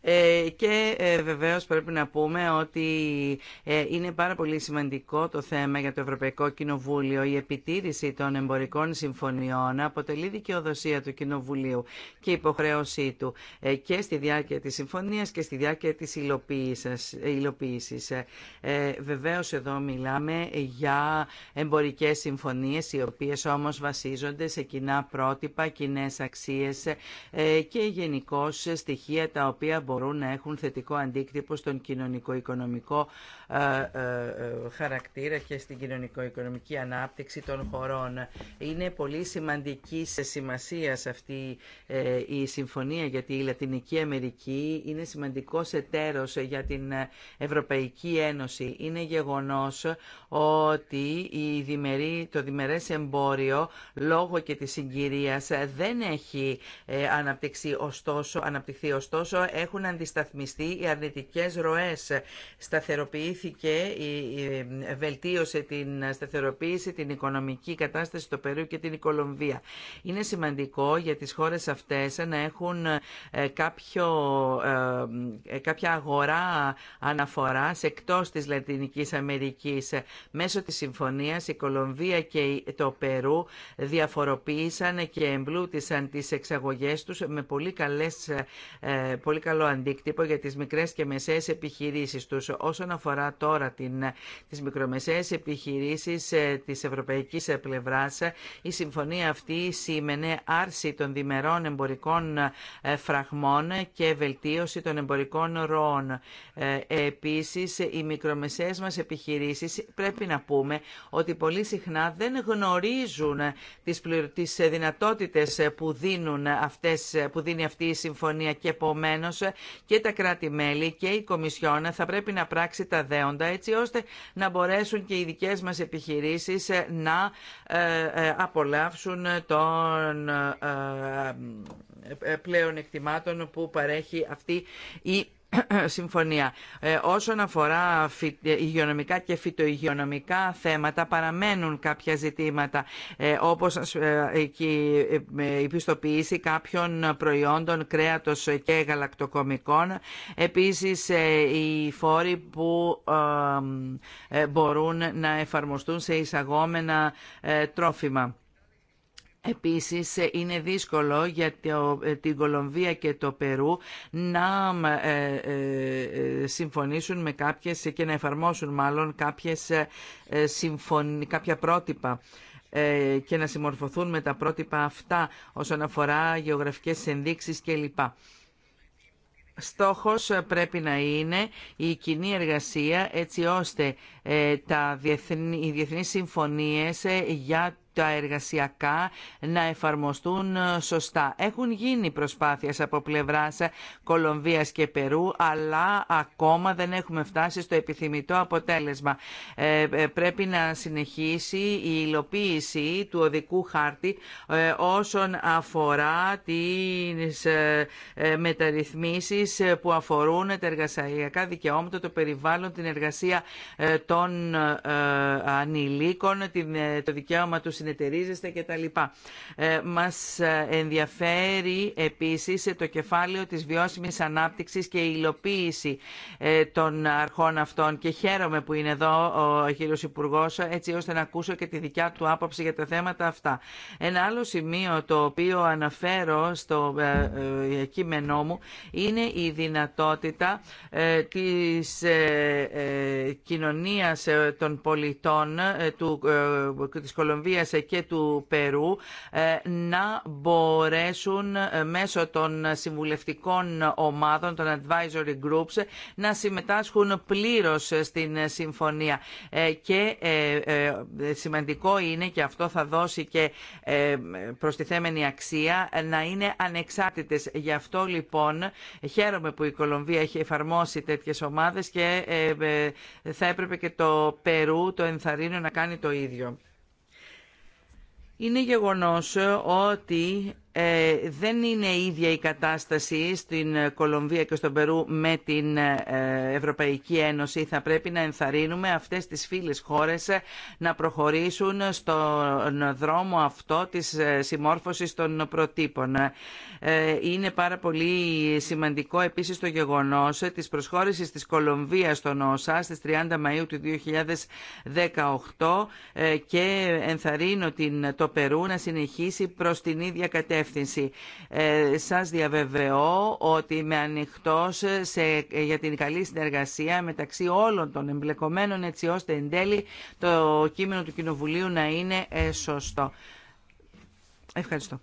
Ε, και ε, βεβαίως πρέπει να πούμε ότι ε, είναι πάρα πολύ σημαντικό το θέμα για το Ευρωπαϊκό Κοινοβούλιο. Η επιτήρηση των εμπορικών συμφωνιών αποτελεί δικαιοδοσία του Κοινοβουλίου και υποχρέωσή του και στη διάρκεια της συμφωνίας και στη διάρκεια της υλοποίησης. Βεβαίως εδώ μιλάμε για εμπορικές συμφωνίες οι οποίες όμως βασίζονται σε κοινά πρότυπα, κοινέ αξίες και γενικώ στοιχεία τα οποία μπορούν να έχουν θετικό αντίκτυπο στον κοινωνικο-οικονομικό ε, ε, χαρακτήρα και στην κοινωνικο-οικονομική ανάπτυξη των χωρών. Είναι πολύ σημαντική σε σημασία σε αυτή ε, η συμφωνία γιατί η Λατινική Αμερική είναι σημαντικός εταίρος για την Ευρωπαϊκή Ένωση. Είναι γεγονός ότι η διμερή, το διμερές εμπόριο λόγω και της συγκυρίας δεν έχει αναπτυχθεί αναπτυχθεί ωστόσο έχουν έχουν αντισταθμιστεί οι αρνητικές ροές. Σταθεροποιήθηκε, βελτίωσε την σταθεροποίηση, την οικονομική κατάσταση στο Περού και την Κολομβία. Είναι σημαντικό για τις χώρες αυτές να έχουν ε, κάποιο, ε, ε, κάποια αγορά αναφορά εκτός της Λατινικής Αμερικής. Μέσω της συμφωνίας η Κολομβία και το Περού διαφοροποίησαν και εμπλούτησαν τις εξαγωγές τους με πολύ, καλές, πολύ καλό αντίκτυπο για τις μικρές και μεσαίες επιχειρήσεις τους. Όσον αφορά τώρα την, τις μικρομεσαίες επιχειρήσεις ε, της ευρωπαϊκής ε, πλευράς, ε, η συμφωνία αυτή σήμαινε άρση των διμερών εμπορικών φραγμών και βελτίωση των εμπορικών ροών. Επίσης, οι μικρομεσαίες μας επιχειρήσεις πρέπει να πούμε ότι πολύ συχνά δεν γνωρίζουν τις, τις δυνατότητες που, δίνουν αυτές, που δίνει αυτή η συμφωνία και επομένω και τα κράτη-μέλη και η Κομισιόν θα πρέπει να πράξει τα δέοντα έτσι ώστε να μπορέσουν και οι δικές μας επιχειρήσεις ε, να ε, ε, απολαύσουν των πλέον εκτιμάτων που παρέχει αυτή η συμφωνία. Ε, όσον αφορά φυ... Ε, υγειονομικά και φυτοϊγειονομικά θέματα παραμένουν κάποια ζητήματα ε, όπως ε, ε η πιστοποίηση κάποιων προϊόντων κρέατος και γαλακτοκομικών. Επίσης οι φόροι που μπορούν να εφαρμοστούν σε εισαγόμενα τρόφιμα. Επίσης είναι δύσκολο για ε, την Κολομβία και το Περού να ε, ε, συμφωνήσουν με κάποιες και να εφαρμόσουν μάλλον κάποιες κάποια πρότυπα και να συμμορφωθούν με τα πρότυπα αυτά όσον αφορά γεωγραφικές ενδείξεις κλπ. Στόχος πρέπει να είναι η κοινή εργασία έτσι ώστε τα οι διεθνείς συμφωνίες για τα εργασιακά να εφαρμοστούν σωστά. Έχουν γίνει προσπάθειες από πλευράς Κολομβίας και Περού, αλλά ακόμα δεν έχουμε φτάσει στο επιθυμητό αποτέλεσμα. Ε, ε πρέπει να συνεχίσει η υλοποίηση του οδικού χάρτη ε, όσον αφορά τις ε, ε που αφορούν τα εργασιακά δικαιώματα, το περιβάλλον, την εργασία ε, των ανηλίκων, την, το δικαίωμα του συνεταιρίζεστε κτλ. Ε, μας ε, ενδιαφέρει επίσης το κεφάλαιο της βιώσιμης ανάπτυξης και η υλοποίηση ε, των αρχών αυτών και χαίρομαι που είναι εδώ ο κύριος Υπουργό, έτσι ώστε να ακούσω και τη δικιά του άποψη για τα θέματα αυτά. Ένα άλλο σημείο το οποίο αναφέρω στο κείμενό μου είναι η δυνατότητα της κοινωνίας των πολιτών του, της Κολομβίας και του Περού ε, να μπορέσουν ε, μέσω των συμβουλευτικών ομάδων, των advisory groups, να συμμετάσχουν πλήρως στην συμφωνία. Ε, και σημαντικό είναι, και αυτό θα δώσει και προστιθέμενη αξία, να είναι ανεξάρτητες. Γι' αυτό λοιπόν χαίρομαι που η Κολομβία έχει εφαρμόσει τέτοιες ομάδες και θα έπρεπε και το Περού το ενθαρρύνω να κάνει το ίδιο. Είναι γεγονός ότι ε, δεν είναι ίδια η κατάσταση στην Κολομβία και στον Περού με την ε, Ευρωπαϊκή Ένωση. Θα πρέπει να ενθαρρύνουμε αυτές τις φίλες χώρες ε, να προχωρήσουν στον δρόμο αυτό της συμμόρφωσης των προτύπων. Είναι πάρα πολύ σημαντικό επίσης το γεγονός της προσχώρησης της Κολομβίας στον ΩΣΑ στις 30 Μαΐου του 2018 και ενθαρρύνω την, το Περού να συνεχίσει προς την ίδια κατεύθυνση κατεύθυνση. Ε, σας διαβεβαιώ ότι είμαι ανοιχτό για την καλή συνεργασία μεταξύ όλων των εμπλεκομένων έτσι ώστε εν τέλει το κείμενο του Κοινοβουλίου να είναι ε, σωστό. Ευχαριστώ.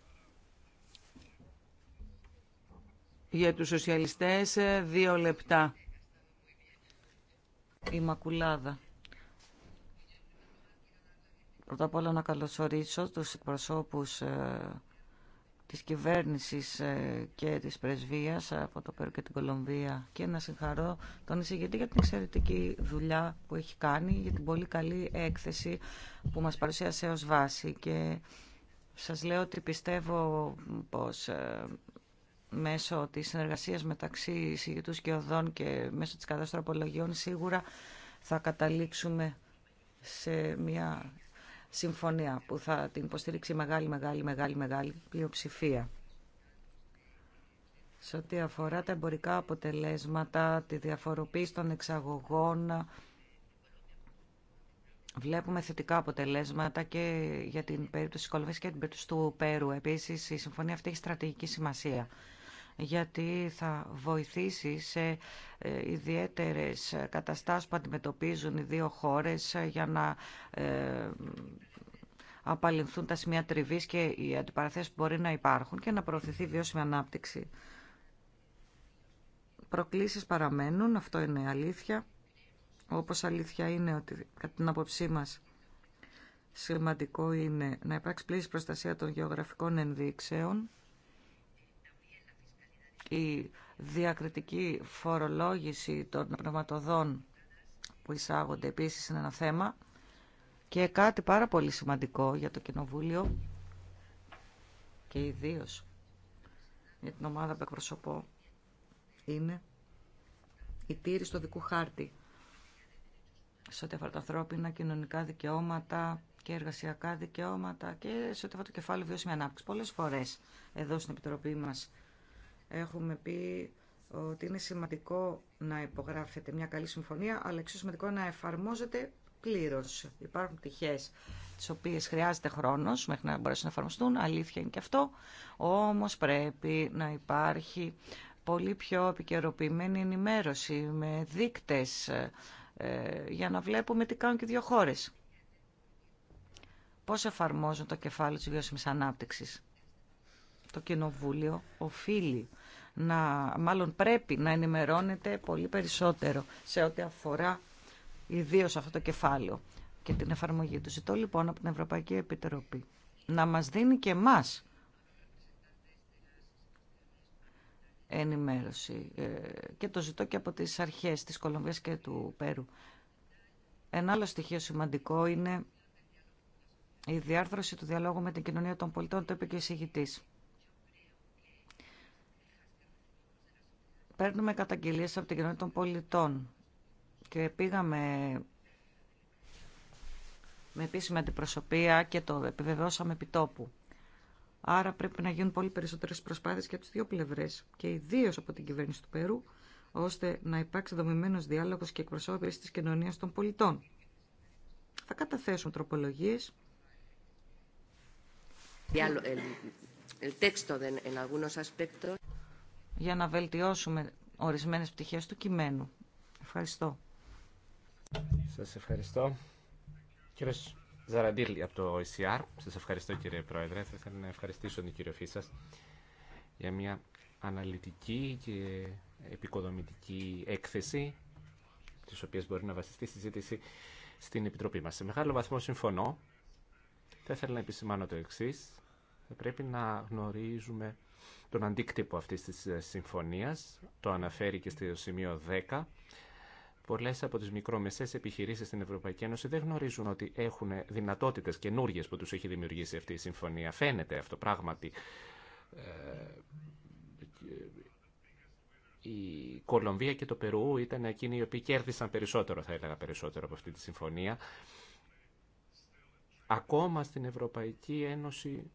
Για τους σοσιαλιστές, ε, δύο λεπτά. Η Μακουλάδα. Πρώτα απ' όλα να καλωσορίσω τους εκπροσώπους της κυβέρνησης ε, και της πρεσβείας από το Πέρο και την Κολομβία και να συγχαρώ τον εισηγητή για την εξαιρετική δουλειά που έχει κάνει, για την πολύ καλή έκθεση που μας παρουσίασε ως βάση και σας λέω ότι πιστεύω πως ε, μέσω της συνεργασίας μεταξύ εισηγητούς και οδών και μέσω της κατάστροπολογιών σίγουρα θα καταλήξουμε σε μια συμφωνία που θα την υποστηρίξει μεγάλη, μεγάλη, μεγάλη, μεγάλη πλειοψηφία. Σε ό,τι αφορά τα εμπορικά αποτελέσματα, τη διαφοροποίηση των εξαγωγών, βλέπουμε θετικά αποτελέσματα και για την περίπτωση της και την περίπτωση του Πέρου. Επίσης, η συμφωνία αυτή έχει στρατηγική σημασία γιατί θα βοηθήσει σε ε, ιδιαίτερες καταστάσεις που αντιμετωπίζουν οι δύο χώρες ε, για να ε, απαλληλθούν τα σημεία τριβής και οι αντιπαραθέσεις που μπορεί να υπάρχουν και να προωθηθεί βιώσιμη ανάπτυξη. Προκλήσεις παραμένουν, αυτό είναι αλήθεια, όπως αλήθεια είναι ότι κατά την άποψή μας σημαντικό είναι να υπάρξει πλήρης προστασία των γεωγραφικών ενδείξεων η διακριτική φορολόγηση των πνευματοδών που εισάγονται επίσης είναι ένα θέμα και κάτι πάρα πολύ σημαντικό για το Κοινοβούλιο και ιδίω για την ομάδα που εκπροσωπώ είναι η τήρηση του δικού χάρτη σε ό,τι αφορά τα ανθρώπινα, κοινωνικά δικαιώματα και εργασιακά δικαιώματα και σε ό,τι αφορά το κεφάλαιο βιώσιμη ανάπτυξη. Πολλές φορές εδώ στην Επιτροπή μας Έχουμε πει ότι είναι σημαντικό να υπογράφεται μια καλή συμφωνία, αλλά εξίσου σημαντικό να εφαρμόζεται πλήρω. Υπάρχουν πτυχέ τι οποίε χρειάζεται χρόνο μέχρι να μπορέσουν να εφαρμοστούν, αλήθεια είναι και αυτό. Όμω πρέπει να υπάρχει πολύ πιο επικαιροποιημένη ενημέρωση με δείκτε ε, για να βλέπουμε τι κάνουν και δύο χώρε. Πώς εφαρμόζουν το κεφάλαιο της βιώσιμης ανάπτυξης. Το Κοινοβούλιο οφείλει να, μάλλον πρέπει να ενημερώνεται πολύ περισσότερο σε ό,τι αφορά ιδίω αυτό το κεφάλαιο και την εφαρμογή του. Ζητώ λοιπόν από την Ευρωπαϊκή Επιτροπή να μας δίνει και μας ενημέρωση ε, και το ζητώ και από τις αρχές της Κολομβίας και του Πέρου. Ένα άλλο στοιχείο σημαντικό είναι η διάρθρωση του διαλόγου με την κοινωνία των πολιτών, το είπε και παίρνουμε καταγγελίες από την κοινωνία των πολιτών και πήγαμε με επίσημη αντιπροσωπεία και το επιβεβαιώσαμε επιτόπου. Άρα πρέπει να γίνουν πολύ περισσότερες προσπάθειες και από τις δύο πλευρές και ιδίω από την κυβέρνηση του Περού ώστε να υπάρξει δομημένος διάλογος και εκπροσώπηση της κοινωνίας των πολιτών. Θα καταθέσουν τροπολογίες για να βελτιώσουμε ορισμένες πτυχές του κειμένου. Ευχαριστώ. Σας ευχαριστώ. Κύριε Ζαραντήλη από το ECR, σας ευχαριστώ κύριε Πρόεδρε. Θα ήθελα να ευχαριστήσω την κύριο Φίσας για μια αναλυτική και επικοδομητική έκθεση τις οποίες μπορεί να βασιστεί η συζήτηση στην Επιτροπή μας. Σε μεγάλο βαθμό συμφωνώ. Θα ήθελα να επισημάνω το εξής πρέπει να γνωρίζουμε τον αντίκτυπο αυτής της ε, συμφωνίας. Το αναφέρει και στο σημείο 10. Πολλές από τις μικρομεσές επιχειρήσεις στην Ευρωπαϊκή Ένωση δεν γνωρίζουν ότι έχουν δυνατότητες καινούριε που τους έχει δημιουργήσει αυτή η συμφωνία. Φαίνεται αυτό πράγματι. Ε, η Κολομβία και το Περού ήταν εκείνοι οι οποίοι κέρδισαν περισσότερο, θα έλεγα περισσότερο από αυτή τη συμφωνία. Ακόμα στην Ευρωπαϊκή Ένωση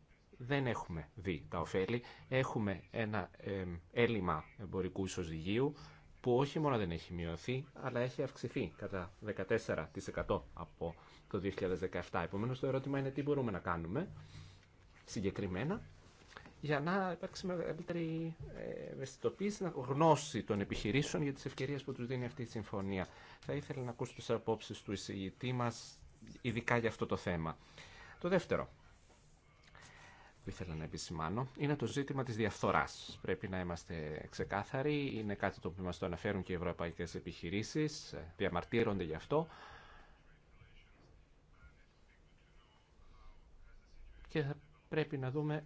δεν έχουμε δει τα ωφέλη. Έχουμε ένα έλλειμμα εμπορικού ισοζυγίου που όχι μόνο δεν έχει μειωθεί, αλλά έχει αυξηθεί κατά 14% από το 2017. Επομένως, το ερώτημα είναι τι μπορούμε να κάνουμε συγκεκριμένα για να υπάρξει μεγαλύτερη ε, ευαισθητοποίηση, γνώση των επιχειρήσεων για τις ευκαιρίες που τους δίνει αυτή η συμφωνία. Θα ήθελα να ακούσω τις απόψεις του εισηγητή μας, ειδικά για αυτό το θέμα. Το δεύτερο, που ήθελα να επισημάνω είναι το ζήτημα της διαφθοράς. Πρέπει να είμαστε ξεκάθαροι, είναι κάτι το οποίο μας το αναφέρουν και οι ευρωπαϊκές επιχειρήσεις, διαμαρτύρονται γι' αυτό. Και πρέπει να δούμε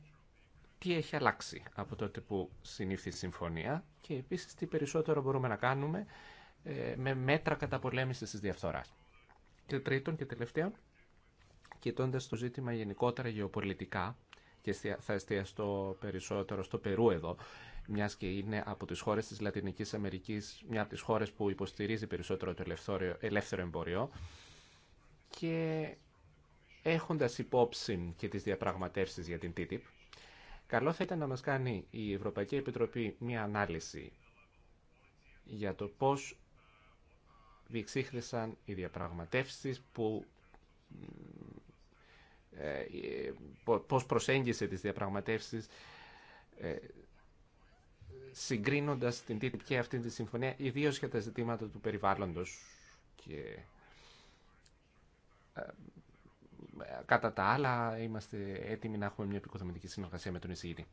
τι έχει αλλάξει από τότε που συνήφθη η συμφωνία και επίσης τι περισσότερο μπορούμε να κάνουμε ε, με μέτρα καταπολέμησης της διαφθοράς. Και τρίτον και τελευταίο, κοιτώντα το ζήτημα γενικότερα γεωπολιτικά, και θα εστιαστώ περισσότερο στο Περού εδώ, μιας και είναι από τις χώρες της Λατινικής Αμερικής, μια από τις χώρες που υποστηρίζει περισσότερο το ελεύθερο εμπόριο. Και έχοντα υπόψη και τις διαπραγματεύσεις για την TTIP, καλό θα ήταν να μας κάνει η Ευρωπαϊκή Επιτροπή μια ανάλυση για το πώς διεξήχθησαν οι διαπραγματεύσει που ε, ε, πώς προσέγγισε τις διαπραγματεύσεις ε, συγκρίνοντας την TTIP και αυτή τη συμφωνία, ιδίως για τα ζητήματα του περιβάλλοντος και κατά τα άλλα είμαστε έτοιμοι να έχουμε μια επικοδομητική συνεργασία με τον εισηγητή.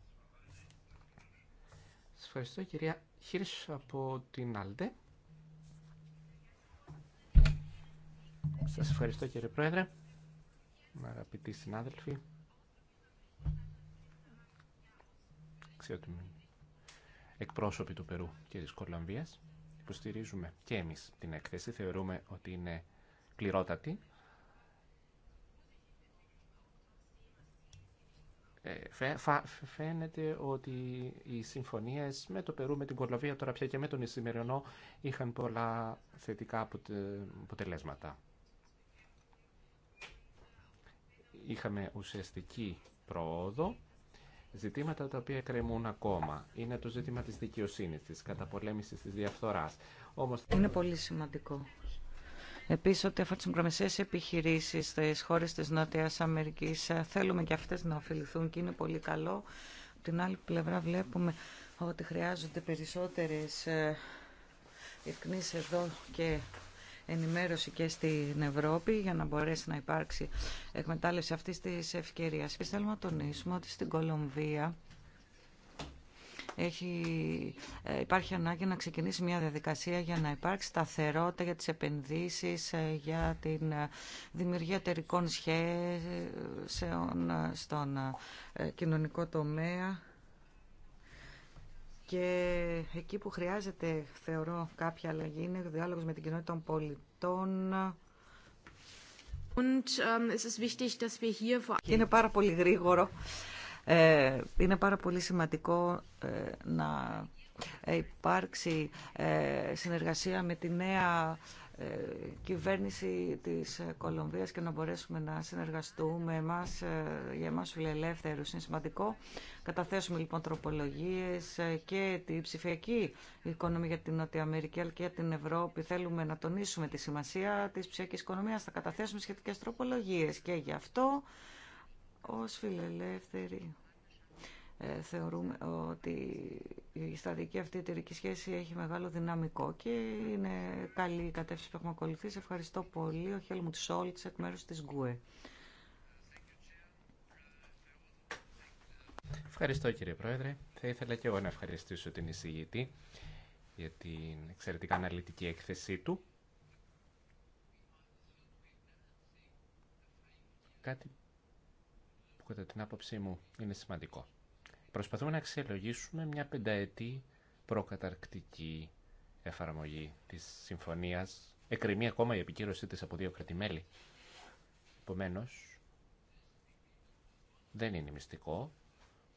Σας ευχαριστώ κυρία Χίρς από την Άλτε. Σας ευχαριστώ κύριε Πρόεδρε. Αγαπητοί συνάδελφοι, αξιότιμοι εκπρόσωποι του Περού και της Κολομβίας, υποστηρίζουμε και εμείς την έκθεση, θεωρούμε ότι είναι πληρότατη. Ε, φαίνεται ότι οι συμφωνίες με το Περού, με την Κολομβία, τώρα πια και με τον Ισημερινό, είχαν πολλά θετικά αποτελέσματα. είχαμε ουσιαστική προόδο. Ζητήματα τα οποία κρεμούν ακόμα είναι το ζήτημα της δικαιοσύνης, της καταπολέμησης της διαφθοράς. Όμως... Είναι πολύ σημαντικό. Επίσης, ό,τι αφορά τις μικρομεσαίες επιχειρήσεις στις χώρες της Νότιας Αμερικής, ε, θέλουμε και αυτές να ωφεληθούν και είναι πολύ καλό. Από την άλλη πλευρά βλέπουμε ότι χρειάζονται περισσότερες ευκνήσεις εδώ και ενημέρωση και στην Ευρώπη για να μπορέσει να υπάρξει εκμετάλλευση αυτής της ευκαιρίας. Και θέλουμε να τονίσουμε ότι στην Κολομβία έχει, ε, υπάρχει ανάγκη να ξεκινήσει μια διαδικασία για να υπάρξει σταθερότητα για τις επενδύσεις, ε, για τη ε, δημιουργία εταιρικών σχέσεων στον κοινωνικό τομέα και εκεί που χρειάζεται, θεωρώ, κάποια αλλαγή είναι ο διάλογος με την κοινότητα των πολιτών. Und, ähm, es ist wichtig, dass wir hier... Είναι πάρα πολύ γρήγορο. Ε, είναι πάρα πολύ σημαντικό ε, να ε, υπάρξει ε, συνεργασία με τη νέα ε, κυβέρνηση της Κολομβίας και να μπορέσουμε να συνεργαστούμε εμάς, ε, για εμάς φιλελεύθερους. Είναι σημαντικό. Καταθέσουμε λοιπόν τροπολογίες ε, και τη ψηφιακή οικονομία για την Νότια Αμερική αλλά και την Ευρώπη. Θέλουμε να τονίσουμε τη σημασία της ψηφιακής οικονομίας. Θα καταθέσουμε σχετικές τροπολογίες και γι' αυτό ως φιλελεύθεροι ε, θεωρούμε ότι η σταδική αυτή εταιρική σχέση έχει μεγάλο δυναμικό και είναι καλή η κατεύθυνση που έχουμε ακολουθήσει. Ευχαριστώ πολύ. Ο Χέλμουντ Σόλτ εκ μέρου τη ΓΚΟΕ. Ευχαριστώ κύριε Πρόεδρε. Θα ήθελα και εγώ να ευχαριστήσω την εισηγητή για την εξαιρετικά αναλυτική έκθεσή του. Κάτι που κατά την άποψή μου είναι σημαντικό. Προσπαθούμε να αξιολογήσουμε μια πενταετή προκαταρκτική εφαρμογή της συμφωνίας. Εκκρεμεί ακόμα η επικύρωσή της από δύο κρατημέλη. Επομένω, δεν είναι μυστικό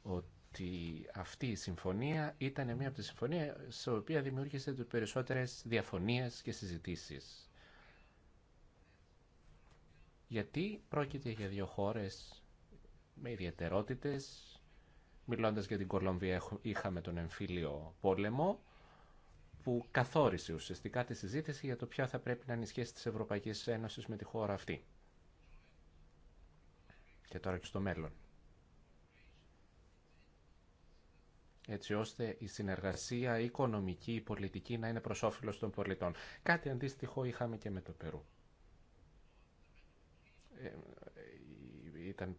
ότι αυτή η συμφωνία ήταν μια από τις συμφωνίες σε οποία δημιούργησε τις περισσότερες διαφωνίες και συζητήσεις. Γιατί πρόκειται για δύο χώρες με ιδιαιτερότητες Μιλώντας για την Κολομβία είχαμε τον εμφύλιο πόλεμο που καθόρισε ουσιαστικά τη συζήτηση για το ποια θα πρέπει να είναι η σχέση της Ευρωπαϊκής Ένωσης με τη χώρα αυτή. Και τώρα και στο μέλλον. έτσι ώστε η συνεργασία οικονομική, η πολιτική να είναι προς όφελος των πολιτών. Κάτι αντίστοιχο είχαμε και με το Περού. Ε, ε ήταν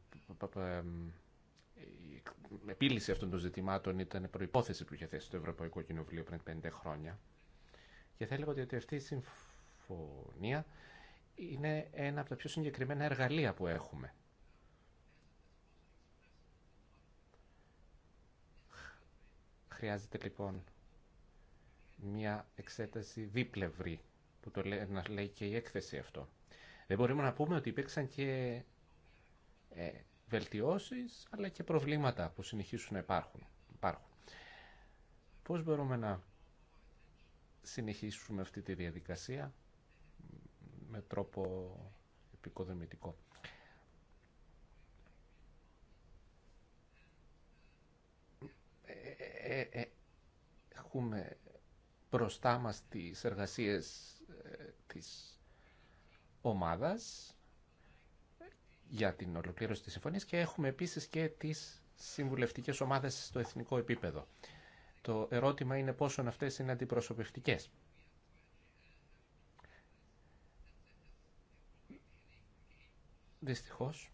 επίλυση αυτών των ζητημάτων ήταν προϋπόθεση που είχε θέσει το Ευρωπαϊκό Κοινοβουλίο πριν πέντε χρόνια. Και θα έλεγα ότι αυτή η συμφωνία είναι ένα από τα πιο συγκεκριμένα εργαλεία που έχουμε. Χρειάζεται λοιπόν μια εξέταση δίπλευρη που το λέει, λέει και η έκθεση αυτό. Δεν μπορούμε να πούμε ότι υπήρξαν και ε, βελτιώσεις αλλά και προβλήματα που συνεχίσουν να υπάρχουν. υπάρχουν. Πώς μπορούμε να συνεχίσουμε αυτή τη διαδικασία με τρόπο επικοδομητικό. Ε, ε, ε, έχουμε μπροστά μας τις εργασίες της ομάδας για την ολοκλήρωση της συμφωνίας και έχουμε επίσης και τις συμβουλευτικές ομάδες στο εθνικό επίπεδο. Το ερώτημα είναι πόσο αυτές είναι αντιπροσωπευτικές. Δυστυχώς,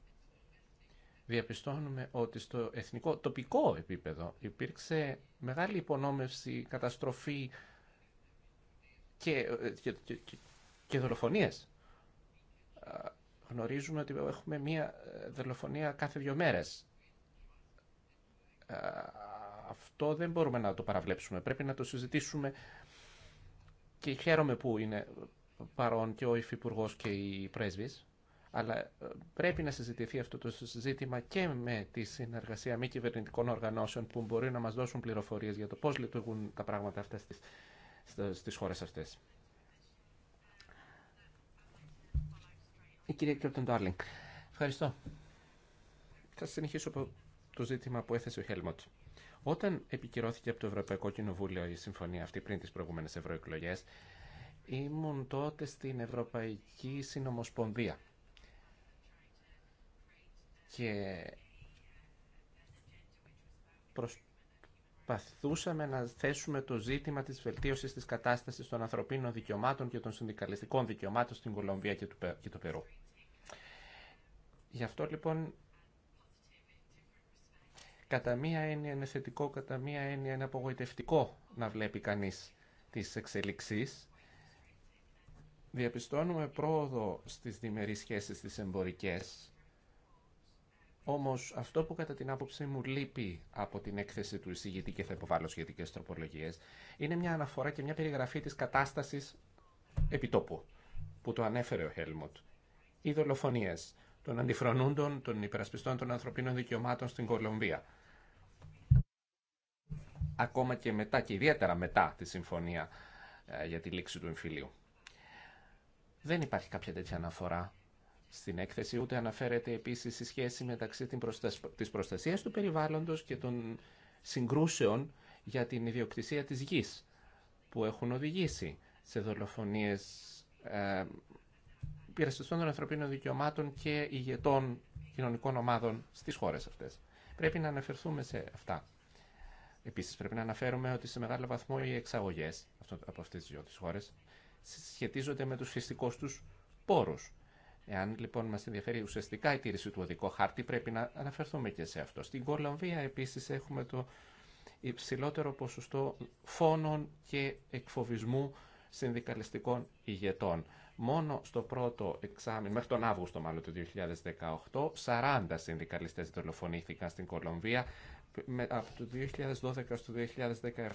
διαπιστώνουμε ότι στο εθνικό τοπικό επίπεδο υπήρξε μεγάλη υπονόμευση, καταστροφή και, ε, και, και, Γνωρίζουμε ότι έχουμε μία ε, δολοφονία κάθε δύο μέρες. Ε, αυτό δεν μπορούμε να το παραβλέψουμε. Πρέπει να το συζητήσουμε και χαίρομαι που είναι παρόν και ο Υφυπουργό και οι πρέσβεις. Αλλά ε, πρέπει να συζητηθεί αυτό το συζήτημα και με τη συνεργασία μη κυβερνητικών οργανώσεων που μπορεί να μας δώσουν πληροφορίες για το πώς λειτουργούν τα πράγματα αυτές στις χώρες αυτές. Η κυρία Κιόρτον Ντάρλινγκ. Ευχαριστώ. Θα συνεχίσω από το ζήτημα που έθεσε ο Χέλμοντ. Όταν επικυρώθηκε από το Ευρωπαϊκό Κοινοβούλιο η συμφωνία αυτή πριν τι προηγούμενε ευρωεκλογέ, ήμουν τότε στην Ευρωπαϊκή Συνομοσπονδία. Και προσπαθούσαμε να θέσουμε το ζήτημα της βελτίωσης της κατάστασης των ανθρωπίνων δικαιωμάτων και των συνδικαλιστικών δικαιωμάτων στην Κολομβία και το Περού. Γι' αυτό λοιπόν κατά μία έννοια είναι θετικό, κατά μία έννοια είναι απογοητευτικό να βλέπει κανείς τις εξελιξείς. Διαπιστώνουμε πρόοδο στις διμερείς σχέσεις τις εμπορικές, όμως αυτό που κατά την άποψή μου λείπει από την έκθεση του εισηγητή και θα υποβάλω σχετικές τροπολογίες, είναι μια αναφορά και μια περιγραφή της κατάστασης επιτόπου, που το ανέφερε ο Χέλμοντ. Οι δολοφονίες, των αντιφρονούντων, των υπερασπιστών των ανθρωπίνων δικαιωμάτων στην Κολομβία. Ακόμα και μετά και ιδιαίτερα μετά τη συμφωνία ε, για τη λήξη του εμφυλίου. Δεν υπάρχει κάποια τέτοια αναφορά στην έκθεση, ούτε αναφέρεται επίσης η σχέση μεταξύ της προστασίας του περιβάλλοντος και των συγκρούσεων για την ιδιοκτησία της γης που έχουν οδηγήσει σε δολοφονίες ε, υπηρεσιστών των ανθρωπίνων δικαιωμάτων και ηγετών κοινωνικών ομάδων στις χώρες αυτές. Πρέπει να αναφερθούμε σε αυτά. Επίσης πρέπει να αναφέρουμε ότι σε μεγάλο βαθμό οι εξαγωγές από αυτές τις δύο τις χώρες σχετίζονται με τους φυσικούς τους πόρους. Εάν λοιπόν μας ενδιαφέρει ουσιαστικά η τήρηση του οδικό χάρτη πρέπει να αναφερθούμε και σε αυτό. Στην Κολομβία επίσης έχουμε το υψηλότερο ποσοστό φόνων και εκφοβισμού συνδικαλιστικών ηγετών. Μόνο στο πρώτο εξάμεινο, μέχρι τον Αύγουστο μάλλον του 2018, 40 συνδικαλιστές δολοφονήθηκαν στην Κολομβία. από το 2012 στο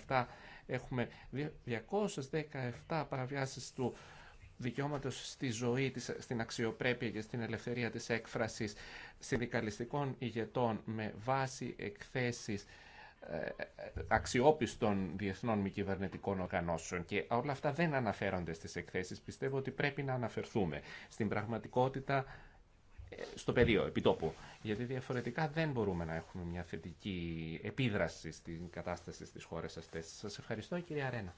2017 έχουμε 217 παραβιάσεις του δικαιώματος στη ζωή, στην αξιοπρέπεια και στην ελευθερία της έκφρασης συνδικαλιστικών ηγετών με βάση εκθέσεις ε, αξιόπιστων διεθνών μη κυβερνητικών οργανώσεων και όλα αυτά δεν αναφέρονται στις εκθέσεις. Πιστεύω ότι πρέπει να αναφερθούμε στην πραγματικότητα ε, στο πεδίο, επιτόπου. Γιατί διαφορετικά δεν μπορούμε να έχουμε μια θετική επίδραση στην κατάσταση στις χώρες αυτές. Σας ευχαριστώ κυρία Αρένα.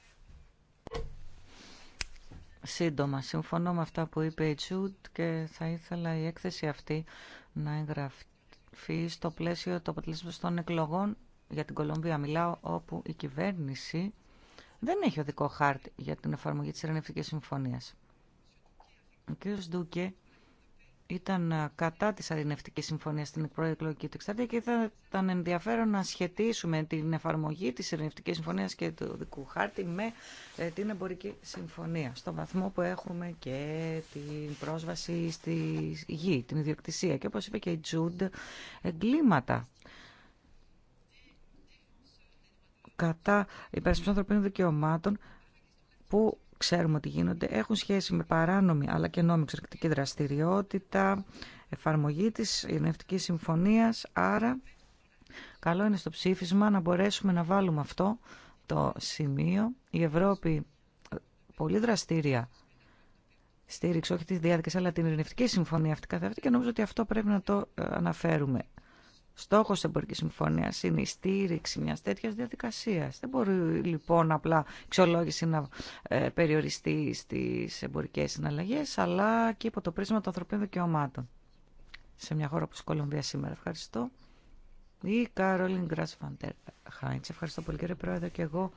Σύντομα, συμφωνώ με αυτά που είπε η Τσούτ και θα ήθελα η έκθεση αυτή να εγγραφεί στο πλαίσιο του αποτελέσματος των εκλογών για την Κολομβία μιλάω, όπου η κυβέρνηση δεν έχει οδικό χάρτη για την εφαρμογή της Ειρηνευτικής Συμφωνίας. Ο κ. Ντούκε ήταν ε, κατά της Ειρηνευτικής Συμφωνίας στην προεκλογική του εξαρτία και θα ήταν ενδιαφέρον να σχετίσουμε την εφαρμογή της Ειρηνευτικής Συμφωνίας και του οδικού χάρτη με ε, την εμπορική συμφωνία, στον βαθμό που έχουμε και την πρόσβαση στη γη, την ιδιοκτησία. Και όπως είπε και η Τζούντ, εγκλήματα κατά υπερασπιστών ανθρωπίνων δικαιωμάτων που ξέρουμε ότι γίνονται έχουν σχέση με παράνομη αλλά και νόμιμη εξωτερική δραστηριότητα, εφαρμογή της Ειρηνευτικής Συμφωνίας. Άρα, καλό είναι στο ψήφισμα να μπορέσουμε να βάλουμε αυτό το σημείο. Η Ευρώπη πολύ δραστήρια στήριξε όχι τη διάδικαση αλλά την Ειρηνευτική Συμφωνία αυτή καθ' αυτή και νομίζω ότι αυτό πρέπει να το ε, αναφέρουμε. Στόχο τη εμπορική συμφωνία είναι η στήριξη μια τέτοια διαδικασία. Δεν μπορεί λοιπόν απλά η να ε, περιοριστεί στι εμπορικέ συναλλαγέ, αλλά και υπό το πρίσμα των ανθρωπίνων δικαιωμάτων. Σε μια χώρα όπω η Κολομβία σήμερα. Ευχαριστώ. Η Κάρολιν Γκράσφαντερ Χάιντ. Ευχαριστώ πολύ κύριε Πρόεδρε και εγώ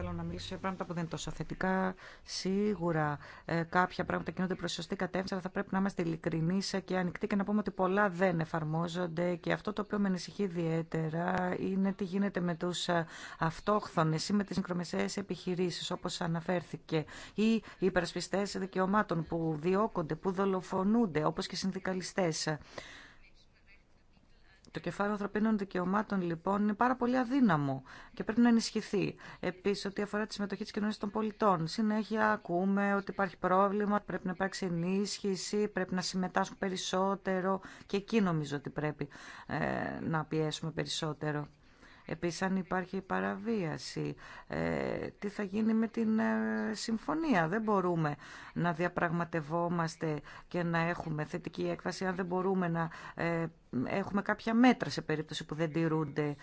θέλω να μιλήσω για πράγματα που δεν είναι τόσο θετικά. Σίγουρα ε, κάποια πράγματα κινούνται προ σωστή κατεύθυνση, αλλά θα πρέπει να είμαστε ειλικρινεί και ανοιχτοί και να πούμε ότι πολλά δεν εφαρμόζονται. Και αυτό το οποίο με ανησυχεί ιδιαίτερα είναι τι γίνεται με του ε, αυτόχθονε ή με τι μικρομεσαίε επιχειρήσει, όπω αναφέρθηκε, ή οι υπερασπιστέ δικαιωμάτων που διώκονται, που δολοφονούνται, όπω και συνδικαλιστέ. Το κεφάλαιο ανθρωπίνων δικαιωμάτων λοιπόν είναι πάρα πολύ αδύναμο και πρέπει να ενισχυθεί. Επίση, ό,τι αφορά τη συμμετοχή τη κοινωνία των πολιτών, συνέχεια ακούμε ότι υπάρχει πρόβλημα, πρέπει να υπάρξει ενίσχυση, πρέπει να συμμετάσχουν περισσότερο και εκεί νομίζω ότι πρέπει ε, να πιέσουμε περισσότερο. Επίσης αν υπάρχει παραβίαση, ε, τι θα γίνει με την ε, συμφωνία. Δεν μπορούμε να διαπραγματευόμαστε και να έχουμε θετική έκφαση αν δεν μπορούμε να ε, έχουμε κάποια μέτρα σε περίπτωση που δεν τηρούνται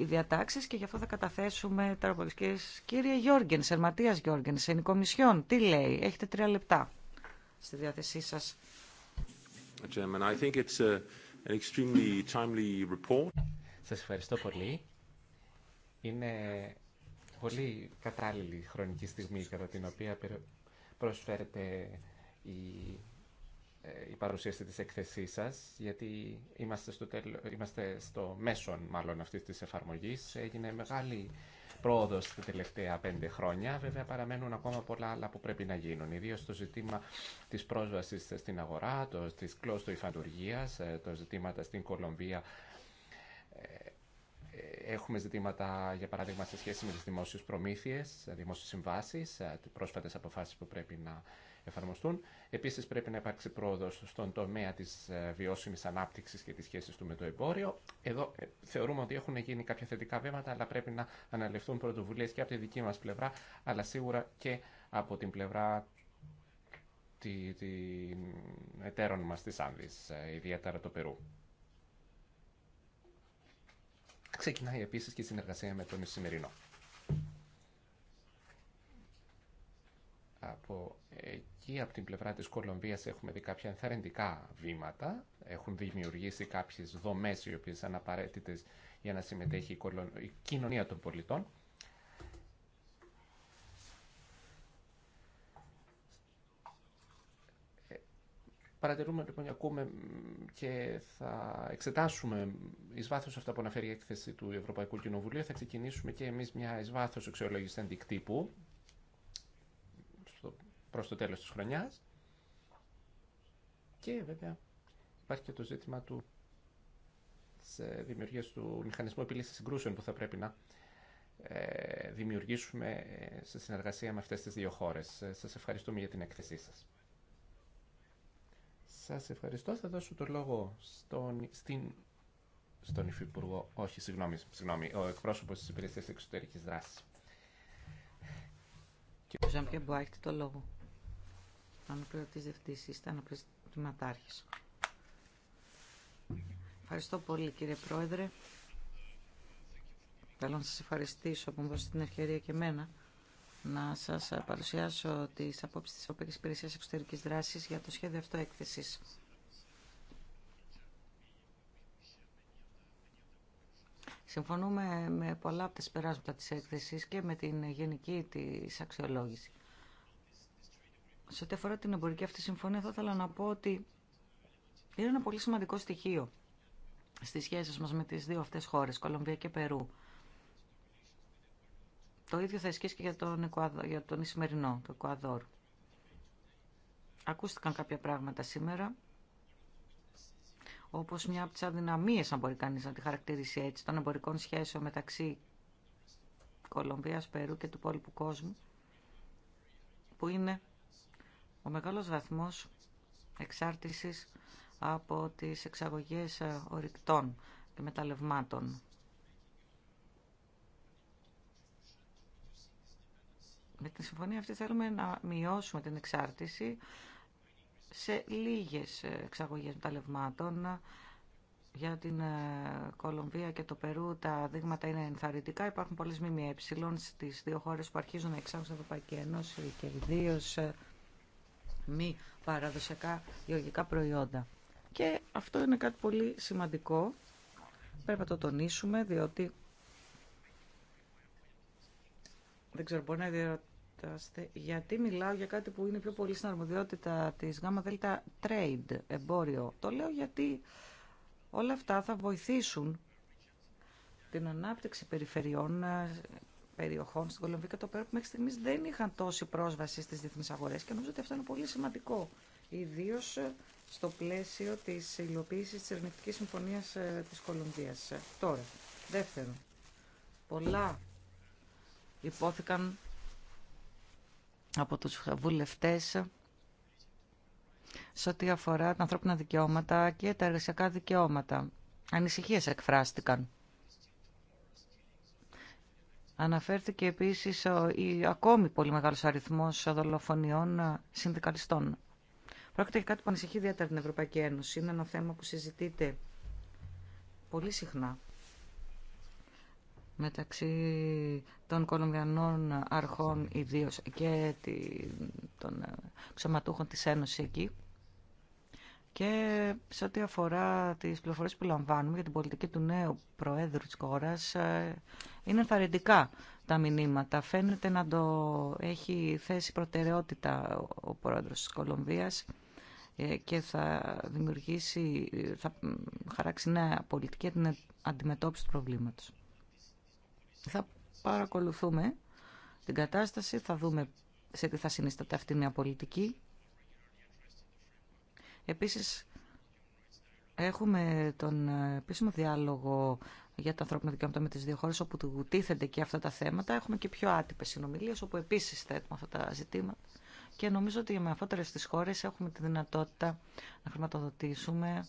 οι διατάξεις και γι' αυτό θα καταθέσουμε τραπολιστικές. Κύριε Γιώργεν, Σερματίας Γιώργεν, σε Κομισιόν, τι λέει, έχετε τρία λεπτά στη διάθεσή σας. Uh, σας ευχαριστώ πολύ. Είναι πολύ κατάλληλη χρονική στιγμή κατά την οποία προσφέρεται ε, η, παρουσίαση της εκθεσής σας, γιατί είμαστε στο, είμαστε στο μέσον μάλλον αυτής της εφαρμογής. Έγινε μεγάλη πρόοδος τα τελευταία πέντε χρόνια. Βέβαια παραμένουν ακόμα πολλά άλλα που πρέπει να γίνουν, ιδίω το ζήτημα της πρόσβασης στην αγορά, το, της υφαντουργίας, ε, το ζητήματα στην Κολομβία ε, Έχουμε ζητήματα, για παράδειγμα, σε σχέση με τις δημόσιες προμήθειες, ε, δημόσιες συμβάσεις, ε, πρόσφατε αποφάσει που πρέπει να εφαρμοστούν. Επίση πρέπει να υπάρξει πρόοδο στον τομέα τη ε, βιώσιμη ανάπτυξη και τη σχέση του με το εμπόριο. Εδώ θεωρούμε ότι έχουν γίνει κάποια θετικά βήματα, αλλά πρέπει να αναλυφθούν πρωτοβουλίε και από τη δική μα πλευρά, αλλά σίγουρα και από την πλευρά των εταίρων μας της Άνδης, ιδιαίτερα το Περού. Ξεκινάει επίσης και η συνεργασία με τον Ισημερινό. Από εκεί, από την πλευρά της Κολομβίας, έχουμε δει κάποια ενθαρρυντικά βήματα. Έχουν δημιουργήσει κάποιες δομές οι οποίες είναι απαραίτητες για να συμμετέχει η κοινωνία των πολιτών. Παρατηρούμε λοιπόν ακούμε και θα εξετάσουμε εις βάθος αυτά που αναφέρει η έκθεση του Ευρωπαϊκού Κοινοβουλίου. Θα ξεκινήσουμε και εμείς μια εις βάθος αξιολόγηση αντικτύπου προς το τέλος της χρονιάς. Και βέβαια υπάρχει και το ζήτημα του της ε, δημιουργίας του μηχανισμού επίλυσης συγκρούσεων που θα πρέπει να ε, δημιουργήσουμε ε, σε συνεργασία με αυτές τις δύο χώρες. Σας ευχαριστούμε για την έκθεσή σας. Σας ευχαριστώ. Θα δώσω το λόγο στον, στην, στον Υφυπουργό, όχι, συγγνώμη, συγγνώμη, ο εκπρόσωπος της Υπηρεσίας Εξωτερικής Δράσης. Και... Ζαν Πιεμπό, έχετε το λόγο. Αναπληρωτής ήταν ο αναπληρωτηματάρχης. Ευχαριστώ πολύ κύριε Πρόεδρε. Θέλω να σας ευχαριστήσω που μου δώσετε την ευκαιρία και εμένα να σας παρουσιάσω τις απόψεις τη Ευρωπαϊκή Υπηρεσία Εξωτερικής Δράση για το σχέδιο αυτό έκθεση. Συμφωνούμε με πολλά από τα συμπεράσματα της έκθεσης και με την γενική της αξιολόγηση. Σε ό,τι αφορά την εμπορική αυτή συμφωνία θα ήθελα να πω ότι είναι ένα πολύ σημαντικό στοιχείο στις σχέσεις μας με τις δύο αυτές χώρες, Κολομβία και Περού. Το ίδιο θα ισχύσει και για τον, για τον Ισημερινό, το Εκουαδόρ. Ακούστηκαν κάποια πράγματα σήμερα, όπως μια από τις αδυναμίες, αν μπορεί κανείς να τη χαρακτηρίσει έτσι, των εμπορικών σχέσεων μεταξύ Κολομβίας, Περού και του υπόλοιπου κόσμου, που είναι ο μεγάλος βαθμός εξάρτησης από τις εξαγωγές ε, ορυκτών και μεταλλευμάτων. Με τη συμφωνία αυτή θέλουμε να μειώσουμε την εξάρτηση σε λίγες εξαγωγές μεταλλευμάτων. Για την ε, Κολομβία και το Περού τα δείγματα είναι ενθαρρυντικά. Υπάρχουν πολλές έψιλων στις δύο χώρες που αρχίζουν να εξάγουν στην Ευρωπαϊκή Ένωση και ιδίω ε, μη παραδοσιακά γεωργικά προϊόντα. Και αυτό είναι κάτι πολύ σημαντικό. Πρέπει να το τονίσουμε, διότι δεν ξέρω, μπορεί να γιατί μιλάω για κάτι που είναι πιο πολύ στην αρμοδιότητα της ΓΑΜΑ ΔΕΛΤΑ Trade, εμπόριο. Το λέω γιατί όλα αυτά θα βοηθήσουν την ανάπτυξη περιφερειών, ε, περιοχών στην Κολομβία το οποίο μέχρι στιγμής δεν είχαν τόση πρόσβαση στις διεθνείς αγορές και νομίζω ότι αυτό είναι πολύ σημαντικό, ιδίω ε, στο πλαίσιο της υλοποίηση της Ερνητικής Συμφωνίας ε, της Κολομβίας. Τώρα, δεύτερον, πολλά υπόθηκαν από τους βουλευτές σε ό,τι αφορά τα ανθρώπινα δικαιώματα και τα εργασιακά δικαιώματα. Ανησυχίες εκφράστηκαν. Αναφέρθηκε επίσης ο, ακόμη πολύ μεγάλος αριθμός δολοφονιών ε, συνδικαλιστών. Πρόκειται για κάτι που ανησυχεί ιδιαίτερα την Ευρωπαϊκή Ένωση. Είναι ένα θέμα που συζητείται πολύ συχνά μεταξύ των Κολομβιανών αρχών ιδίω και των ε, ξεματούχων της Ένωσης εκεί και σε ό,τι αφορά τις πληροφορίες που λαμβάνουμε για την πολιτική του νέου Προέδρου της χώρας ε, είναι ενθαρρυντικά τα μηνύματα. Φαίνεται να το έχει θέσει προτεραιότητα ο Πρόεδρος της Κολομβίας ε, και θα δημιουργήσει, θα χαράξει νέα πολιτική για την αντιμετώπιση του προβλήματος. Θα παρακολουθούμε την κατάσταση, θα δούμε σε τι θα συνιστάται αυτή η νέα πολιτική. Επίσης, έχουμε τον ε, επίσημο διάλογο για τα ανθρώπινα δικαιώματα με τις δύο χώρες, όπου του τίθενται και αυτά τα θέματα. Έχουμε και πιο άτυπες συνομιλίες, όπου επίσης θέτουμε αυτά τα ζητήματα. Και νομίζω ότι με αφότερες τις χώρες έχουμε τη δυνατότητα να χρηματοδοτήσουμε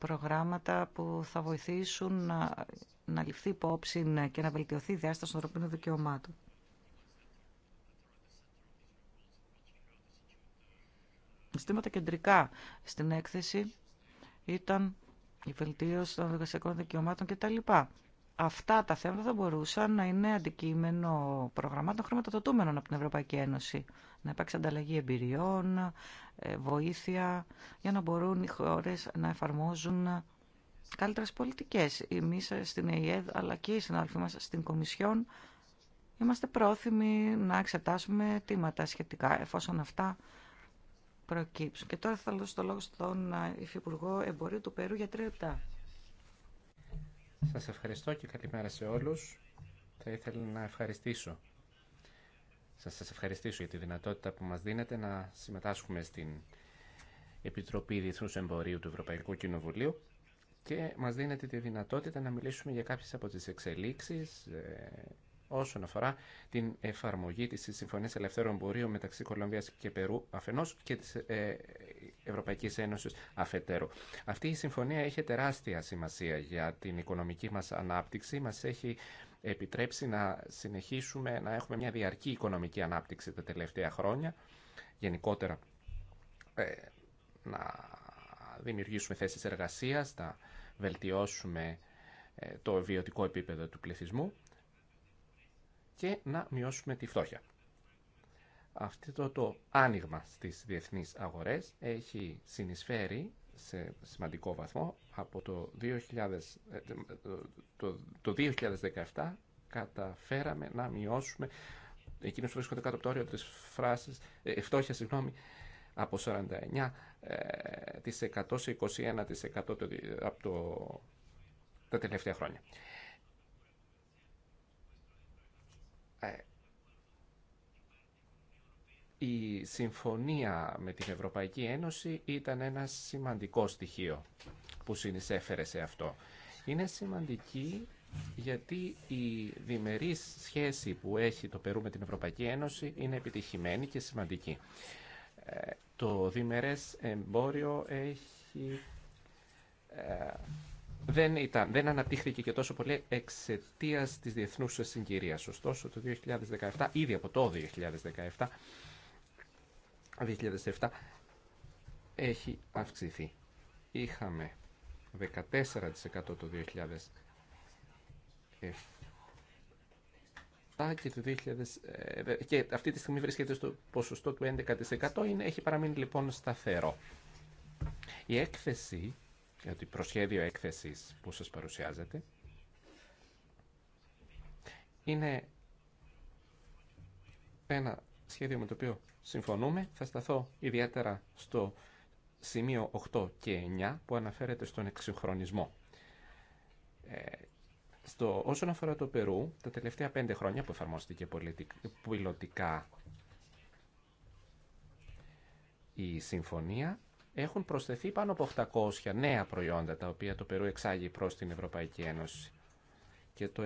προγράμματα που θα βοηθήσουν να, να ληφθεί υπόψη και να βελτιωθεί η διάσταση των ανθρωπίνων δικαιωμάτων. τα κεντρικά στην έκθεση ήταν η βελτίωση των εργασιακών δικαιωμάτων κτλ αυτά τα θέματα θα μπορούσαν να είναι αντικείμενο προγραμμάτων χρηματοδοτούμενων από την Ευρωπαϊκή Ένωση. Να υπάρξει ανταλλαγή εμπειριών, ε, βοήθεια, για να μπορούν οι χώρες να εφαρμόζουν καλύτερες πολιτικές. Εμείς στην ΕΕΔ, αλλά και οι συνάδελφοι μας στην Κομισιόν, είμαστε πρόθυμοι να εξετάσουμε τίματα σχετικά, εφόσον αυτά προκύψουν. Και τώρα θα δώσω το λόγο στον Υφυπουργό Εμπορίου του Περού για τρία λεπτά. Σας ευχαριστώ και καλημέρα σε όλους. Θα ήθελα να ευχαριστήσω. Σας, σας ευχαριστήσω για τη δυνατότητα που μας δίνετε να συμμετάσχουμε στην Επιτροπή Διεθνούς Εμπορίου του Ευρωπαϊκού Κοινοβουλίου και μας δίνετε τη δυνατότητα να μιλήσουμε για κάποιες από τις εξελίξεις ε, όσον αφορά την εφαρμογή της Συμφωνίας Ελευθέρων Εμπορίου μεταξύ Κολομβίας και Περού αφενός και της ε, Ευρωπαϊκής Ένωσης αφετέρου. Αυτή η συμφωνία έχει τεράστια σημασία για την οικονομική μας ανάπτυξη. Μα έχει επιτρέψει να συνεχίσουμε να έχουμε μια διαρκή οικονομική ανάπτυξη τα τελευταία χρόνια. Γενικότερα ε, να δημιουργήσουμε θέσεις εργασίας, να βελτιώσουμε ε, το βιωτικό επίπεδο του πληθυσμού και να μειώσουμε τη φτώχεια. Αυτό το άνοιγμα στις διεθνείς αγορές έχει συνεισφέρει σε σημαντικό βαθμό από το, 2000, ε, το, το 2017 καταφέραμε να μειώσουμε εκείνους που βρίσκονται κάτω από το όριο της φράσης, ε, ε φτώχεια, συγγνώμη, από 49% ε, σε 21% από το, τα τελευταία χρόνια. η συμφωνία με την Ευρωπαϊκή Ένωση ήταν ένα σημαντικό στοιχείο που συνεισέφερε σε αυτό. Είναι σημαντική γιατί η διμερής σχέση που έχει το Περού με την Ευρωπαϊκή Ένωση είναι επιτυχημένη και σημαντική. Ε, το διμερές εμπόριο έχει... Ε, δεν, ήταν, δεν αναπτύχθηκε και τόσο πολύ εξαιτία τη διεθνούς συγκυρία. Ωστόσο, το 2017, ήδη από το 2017, 2007 έχει αυξηθεί. Είχαμε 14% το 2007 και, το 2000, ε, και αυτή τη στιγμή βρίσκεται στο ποσοστό του 11% είναι, έχει παραμείνει λοιπόν σταθερό. Η έκθεση, το προσχέδιο έκθεσης που σας παρουσιάζεται, είναι ένα σχέδιο με το οποίο συμφωνούμε. Θα σταθώ ιδιαίτερα στο σημείο 8 και 9 που αναφέρεται στον εξυγχρονισμό. Ε, στο, όσον αφορά το Περού, τα τελευταία πέντε χρόνια που εφαρμόστηκε πολιτικά η συμφωνία, έχουν προσθεθεί πάνω από 800 νέα προϊόντα τα οποία το Περού εξάγει προς την Ευρωπαϊκή Ένωση και το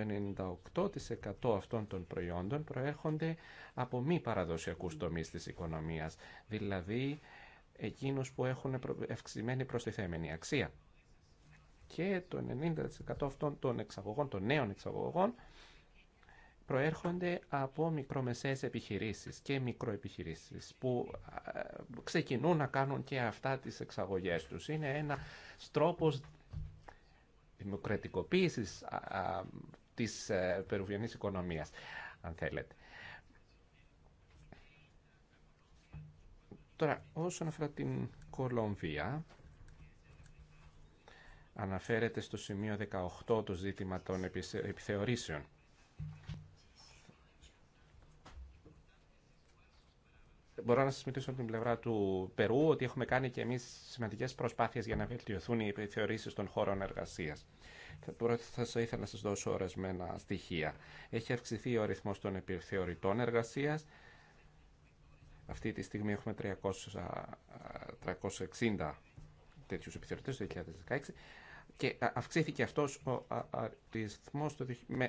98% αυτών των προϊόντων προέρχονται από μη παραδοσιακού τομεί της οικονομίας, δηλαδή εκείνου που έχουν αυξημένη προστιθέμενη αξία. Και το 90% αυτών των εξαγωγών, των νέων εξαγωγών, προέρχονται από μικρομεσαίες επιχειρήσεις και μικροεπιχειρήσεις που ξεκινούν να κάνουν και αυτά τις εξαγωγές τους. Είναι ένα τρόπος δημοκρατικοποίησης της ε, περουβιανής οικονομίας, αν θέλετε. Τώρα, όσον αφορά την Κολομβία, αναφέρεται στο σημείο 18 το ζήτημα των επιθεωρήσεων. Μπορώ να σα μιλήσω από την πλευρά του Περού ότι έχουμε κάνει και εμεί σημαντικέ προσπάθειε για να βελτιωθούν οι επιθεωρήσει των χώρων εργασία. Θα ήθελα να σα δώσω ορισμένα στοιχεία. Έχει αυξηθεί ο αριθμό των επιθεωρητών εργασία. Αυτή τη στιγμή έχουμε 300, 360 τέτοιου επιθεωρητέ το 2016 και αυξήθηκε αυτός ο αριθμός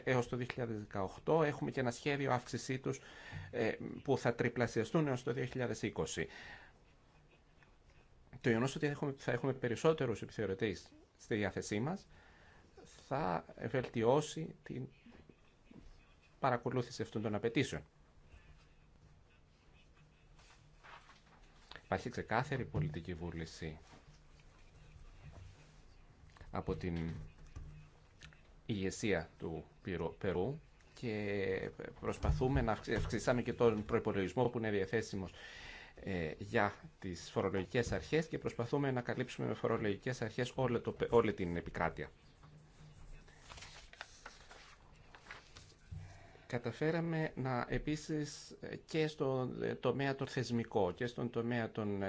έως το 2018. Έχουμε και ένα σχέδιο αύξησή τους ε, που θα τριπλασιαστούν έως το 2020. Το γεγονό ότι θα έχουμε περισσότερους επιθεωρητές στη διάθεσή μας θα βελτιώσει την παρακολούθηση αυτών των απαιτήσεων. Υπάρχει ξεκάθαρη πολιτική βούληση από την ηγεσία του Περού και προσπαθούμε να αυξήσουμε και τον προϋπολογισμό που είναι διαθέσιμος ε, για τις φορολογικές αρχές και προσπαθούμε να καλύψουμε με φορολογικές αρχές όλη, το, όλη την επικράτεια. Καταφέραμε να επίσης ε, και στον ε, τομέα των θεσμικό και στον τομέα των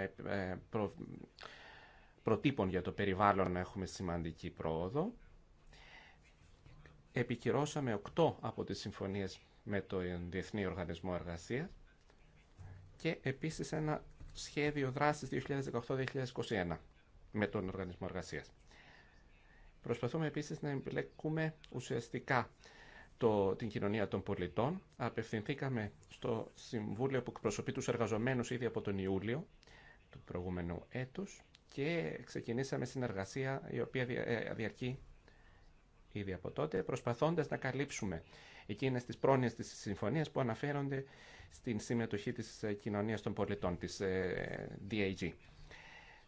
προτύπων για το περιβάλλον να έχουμε σημαντική πρόοδο. Επικυρώσαμε οκτώ από τις συμφωνίες με το Διεθνή Οργανισμό Εργασίας και επίσης ένα σχέδιο δράσης 2018-2021 με τον Οργανισμό Εργασίας. Προσπαθούμε επίσης να εμπλέκουμε ουσιαστικά το, την κοινωνία των πολιτών. Απευθυνθήκαμε στο Συμβούλιο που εκπροσωπεί τους εργαζομένους ήδη από τον Ιούλιο του προηγούμενου έτους και ξεκινήσαμε συνεργασία η οποία ε, διαρκεί ήδη από τότε, προσπαθώντας να καλύψουμε εκείνες τις πρόνοιες της συμφωνίας που αναφέρονται στην συμμετοχή της ε, κοινωνίας των πολιτών, της ε, DAG.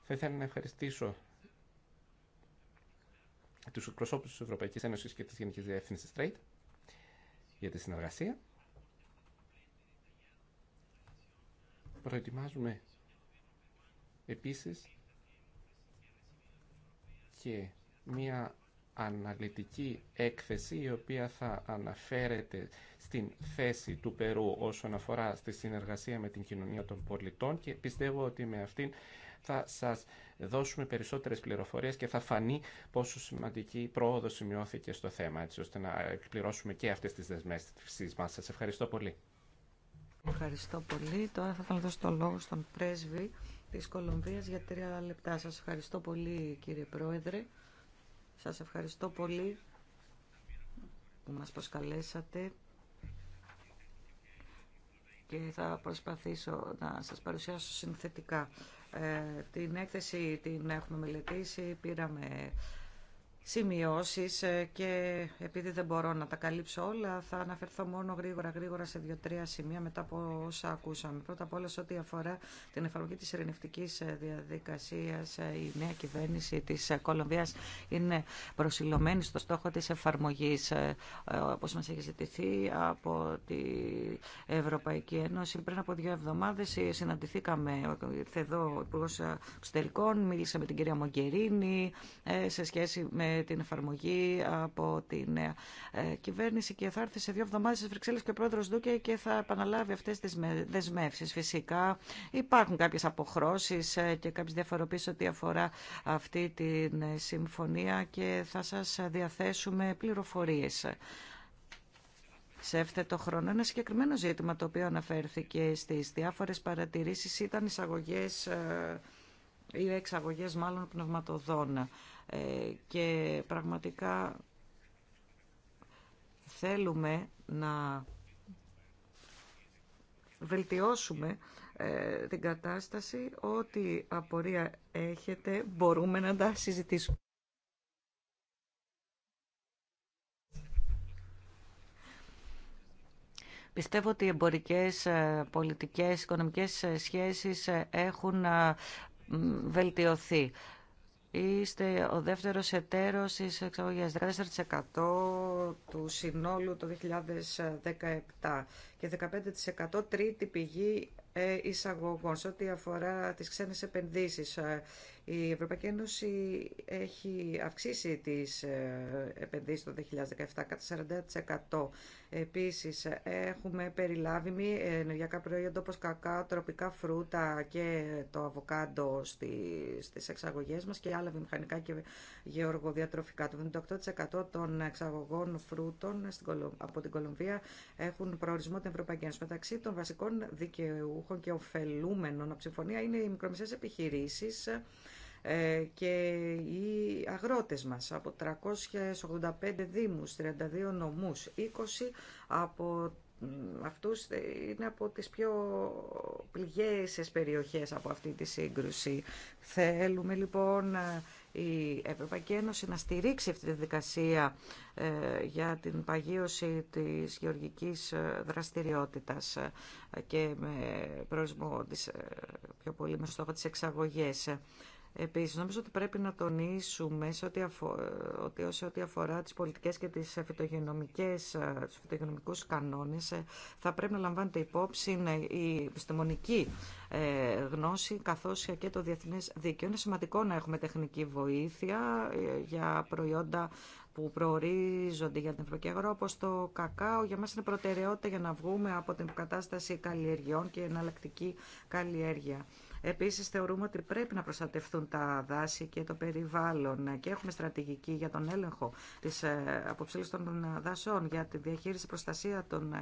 Θα ήθελα να ευχαριστήσω τους εκπροσώπους της Ευρωπαϊκής Ένωσης και της Γενικής Διεύθυνσης Trade για τη συνεργασία. Προετοιμάζουμε επίσης και μία αναλυτική έκθεση η οποία θα αναφέρεται στην θέση του Περού όσον αφορά στη συνεργασία με την κοινωνία των πολιτών και πιστεύω ότι με αυτήν θα σας δώσουμε περισσότερες πληροφορίες και θα φανεί πόσο σημαντική πρόοδο σημειώθηκε στο θέμα έτσι ώστε να εκπληρώσουμε και αυτές τις δεσμεύσεις μας. Σας ευχαριστώ πολύ. Ευχαριστώ πολύ. Τώρα θα ήθελα να δώσω το λόγο στον πρέσβη της Κολομβίας για τρία λεπτά. Σας ευχαριστώ πολύ κύριε Πρόεδρε. Σας ευχαριστώ πολύ που μας προσκαλέσατε και θα προσπαθήσω να σας παρουσιάσω συνθετικά. Ε, την έκθεση την έχουμε μελετήσει, πήραμε σημειώσεις ε, και επειδή δεν μπορώ να τα καλύψω όλα θα αναφερθώ μόνο γρήγορα γρήγορα σε δύο-τρία σημεία μετά από όσα ακούσαμε. Πρώτα απ' όλα σε ό,τι αφορά την εφαρμογή της ειρηνευτικής ε, διαδικασίας ε, η νέα κυβέρνηση της Κολομβίας είναι προσιλωμένη στο στόχο της εφαρμογής όπως μας έχει ζητηθεί από την Ευρωπαϊκή Ένωση. Πριν από δύο εβδομάδες συναντηθήκαμε εδώ ο Υπουργός Εξωτερικών, μίλησα με την κυρία Μογκερίνη σε σχέση με την εφαρμογή από τη νέα ε, κυβέρνηση και θα έρθει σε δύο εβδομάδες στι Βρυξέλλε και ο πρόεδρο Δούκε και θα επαναλάβει αυτές τις δεσμεύσει. Φυσικά υπάρχουν κάποιες αποχρώσεις ε, και κάποιε διαφοροποιήσει ό,τι αφορά αυτή τη συμφωνία και θα σας διαθέσουμε πληροφορίες σε εύθετο χρόνο. Ένα συγκεκριμένο ζήτημα το οποίο αναφέρθηκε στι διάφορε παρατηρήσει ήταν εισαγωγέ ε, ή εξαγωγέ, μάλλον πνευματοδών. Ε, και πραγματικά θέλουμε να βελτιώσουμε ε, την κατάσταση. Ό,τι απορία έχετε μπορούμε να τα συζητήσουμε. Πιστεύω ότι οι εμπορικές, ε, πολιτικές, οικονομικές σχέσεις έχουν βελτιωθεί. Είστε ο δεύτερος εταίρος τη εξαγωγής, 14% του συνόλου το 2017 και 15% τρίτη πηγή ε, εισαγωγών. Σε ό,τι αφορά τις ξένες επενδύσεις, η Ευρωπαϊκή Ένωση έχει αυξήσει τις ε, επενδύσεις το 2017 κατά 40%. Επίσης, έχουμε περιλάβει μη ενεργειακά προϊόντα όπως κακά, τροπικά φρούτα και το αβοκάντο στις εξαγωγές μας και άλλα βιομηχανικά και γεωργοδιατροφικά. Το 78% των εξαγωγών φρούτων από την Κολομβία έχουν προορισμό την Ευρωπαϊκή Ένωση. Μεταξύ των βασικών δικαιούχων και ωφελούμενων από συμφωνία είναι οι μικρομεσαίες επιχειρήσεις, ε, και οι αγρότες μας από 385 δήμους, 32 νομούς, 20 από αυτούς είναι από τις πιο πληγέσες περιοχές από αυτή τη σύγκρουση. Θέλουμε λοιπόν ε, η Ευρωπαϊκή Ένωση να στηρίξει αυτή τη δικασία ε, για την παγίωση της γεωργικής δραστηριότητας και με προορισμό της, πιο πολύ με στόχο της εξαγωγής. Επίσης, νομίζω ότι πρέπει να τονίσουμε σε ό,τι αφορά, ότι ό,τι αφορά τις πολιτικές και τις φυτογενομικές, ε, τους φυτογενομικούς κανόνες, ε, θα πρέπει να λαμβάνεται υπόψη ε, η επιστημονική γνώση καθώς και το διεθνές δίκαιο. Είναι σημαντικό να έχουμε τεχνική βοήθεια για προϊόντα που προορίζονται για την Ευρωπαϊκή Αγορά, όπω το κακάο, για μα είναι προτεραιότητα για να βγούμε από την κατάσταση καλλιεργειών και εναλλακτική καλλιέργεια. Επίσης θεωρούμε ότι πρέπει να προστατευτούν τα δάση και το περιβάλλον και έχουμε στρατηγική για τον έλεγχο της ε, αποψήλωσης των δασών, για τη διαχείριση προστασία των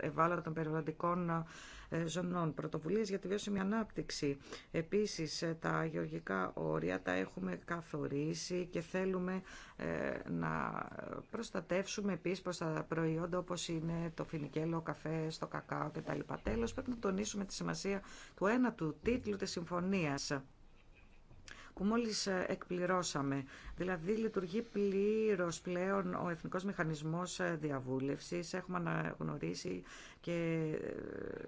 ευάλωτων περιβαλλοντικών ε, ε, ζωνών. Πρωτοβουλίε για τη βιώσιμη ανάπτυξη. Επίση, ε, τα γεωργικά όρια τα έχουμε καθορίσει και θέλουμε ε, να προστατεύσουμε επίση προ τα προϊόντα όπω είναι το φινικέλο, ο καφέ, το κακάο κτλ. Τέλο, πρέπει να τονίσουμε τη σημασία του ένα του τίτλου τη συμφωνία που μόλις ε, εκπληρώσαμε. Δηλαδή λειτουργεί πλήρως πλέον ο Εθνικός Μηχανισμός ε, Διαβούλευσης. Έχουμε αναγνωρίσει και ε,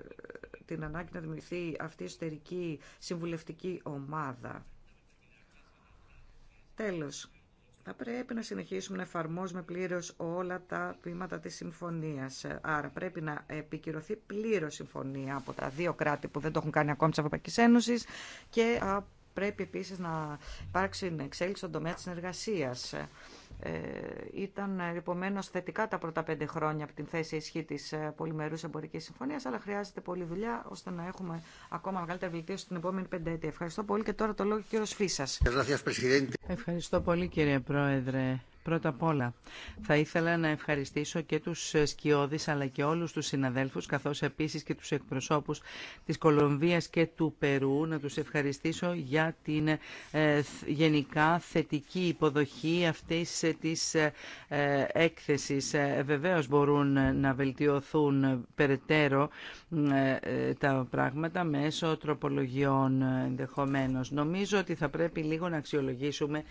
την ανάγκη να δημιουργηθεί αυτή η εσωτερική συμβουλευτική ομάδα. Τέλος, θα πρέπει να συνεχίσουμε να εφαρμόζουμε πλήρως όλα τα βήματα της συμφωνίας. Άρα πρέπει να επικυρωθεί πλήρως συμφωνία από τα δύο κράτη που δεν το έχουν κάνει ακόμη της Ευρωπαϊκής Ένωσης και από Πρέπει επίσης να υπάρξει εξέλιξη στον τομέα της συνεργασίας. Ε, ήταν επομένω θετικά τα πρώτα πέντε χρόνια από την θέση ισχύ τη ε, πολυμερού εμπορική συμφωνία, αλλά χρειάζεται πολλή δουλειά ώστε να έχουμε ακόμα μεγαλύτερη βελτίωση την επόμενη πενταετία. Ευχαριστώ πολύ και τώρα το λόγο κύριο Φίσα. Ευχαριστώ πολύ κύριε Πρόεδρε. Πρώτα απ' όλα, θα ήθελα να ευχαριστήσω και τους Σκιώδης αλλά και όλους τους συναδέλφους, καθώς επίσης και τους εκπροσώπους της Κολομβίας και του Περού, να τους ευχαριστήσω για την ε, γενικά θετική υποδοχή αυτής της ε, έκθεσης. Ε, βεβαίως μπορούν να βελτιωθούν περαιτέρω ε, τα πράγματα μέσω τροπολογιών ενδεχομένως. Νομίζω ότι θα πρέπει λίγο να αξιολογήσουμε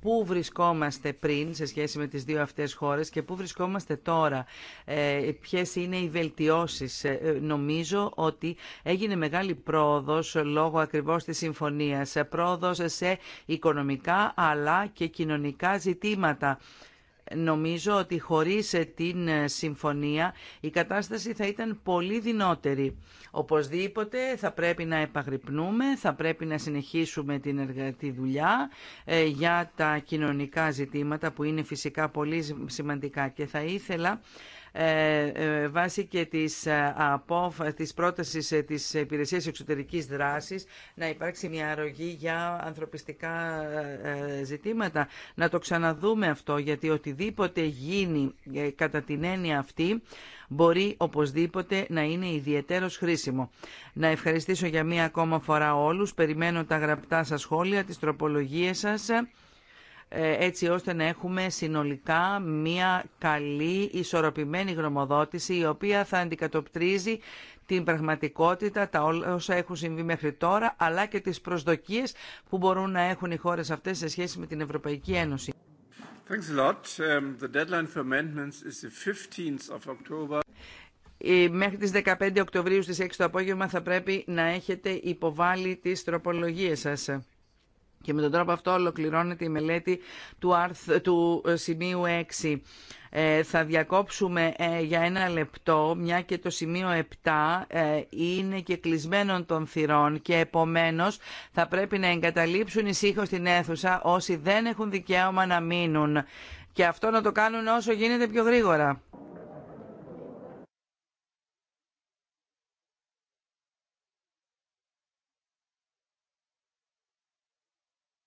πού βρισκόμαστε πριν σε σχέση με τις δύο αυτές χώρες και πού βρισκόμαστε τώρα, ε, ποιες είναι οι βελτιώσεις. Ε, νομίζω ότι έγινε μεγάλη πρόοδος λόγω ακριβώς της συμφωνίας, πρόοδος σε οικονομικά αλλά και κοινωνικά ζητήματα νομίζω ότι χωρίς ε, την ε, συμφωνία η κατάσταση θα ήταν πολύ δυνότερη. Οπωσδήποτε θα πρέπει να επαγρυπνούμε, θα πρέπει να συνεχίσουμε την εργατή δουλειά ε, για τα κοινωνικά ζητήματα που είναι φυσικά πολύ σημαντικά και θα ήθελα ε, ε, βάσει και της, ε, πρόταση της πρότασης της Υπηρεσίας Εξωτερικής Δράσης να υπάρξει μια αρρωγή για ανθρωπιστικά ζητήματα. Να το ξαναδούμε αυτό γιατί οτιδήποτε γίνει κατά την έννοια αυτή μπορεί οπωσδήποτε να είναι ιδιαίτερος χρήσιμο. Να ευχαριστήσω για μία ακόμα φορά όλους. Περιμένω τα γραπτά σας σχόλια, τις τροπολογίες σας. Ε, έτσι ώστε να έχουμε συνολικά μια καλή ισορροπημένη γνωμοδότηση η οποία θα αντικατοπτρίζει την πραγματικότητα, τα όσα έχουν συμβεί μέχρι τώρα, αλλά και τις προσδοκίες που μπορούν να έχουν οι χώρες αυτές σε σχέση με την Ευρωπαϊκή Ένωση. Μέχρι τις 15 Οκτωβρίου στις 6 το απόγευμα θα πρέπει να έχετε υποβάλει τις τροπολογίες σας. Και με τον τρόπο αυτό ολοκληρώνεται η μελέτη του, ε, σημείου 6. Ε, θα διακόψουμε ε, για ένα λεπτό, μια και το σημείο 7 είναι και κλεισμένον των θυρών και επομένως θα πρέπει να εγκαταλείψουν ησύχως την αίθουσα όσοι δεν έχουν δικαίωμα να μείνουν. Και αυτό να το κάνουν όσο γίνεται πιο γρήγορα.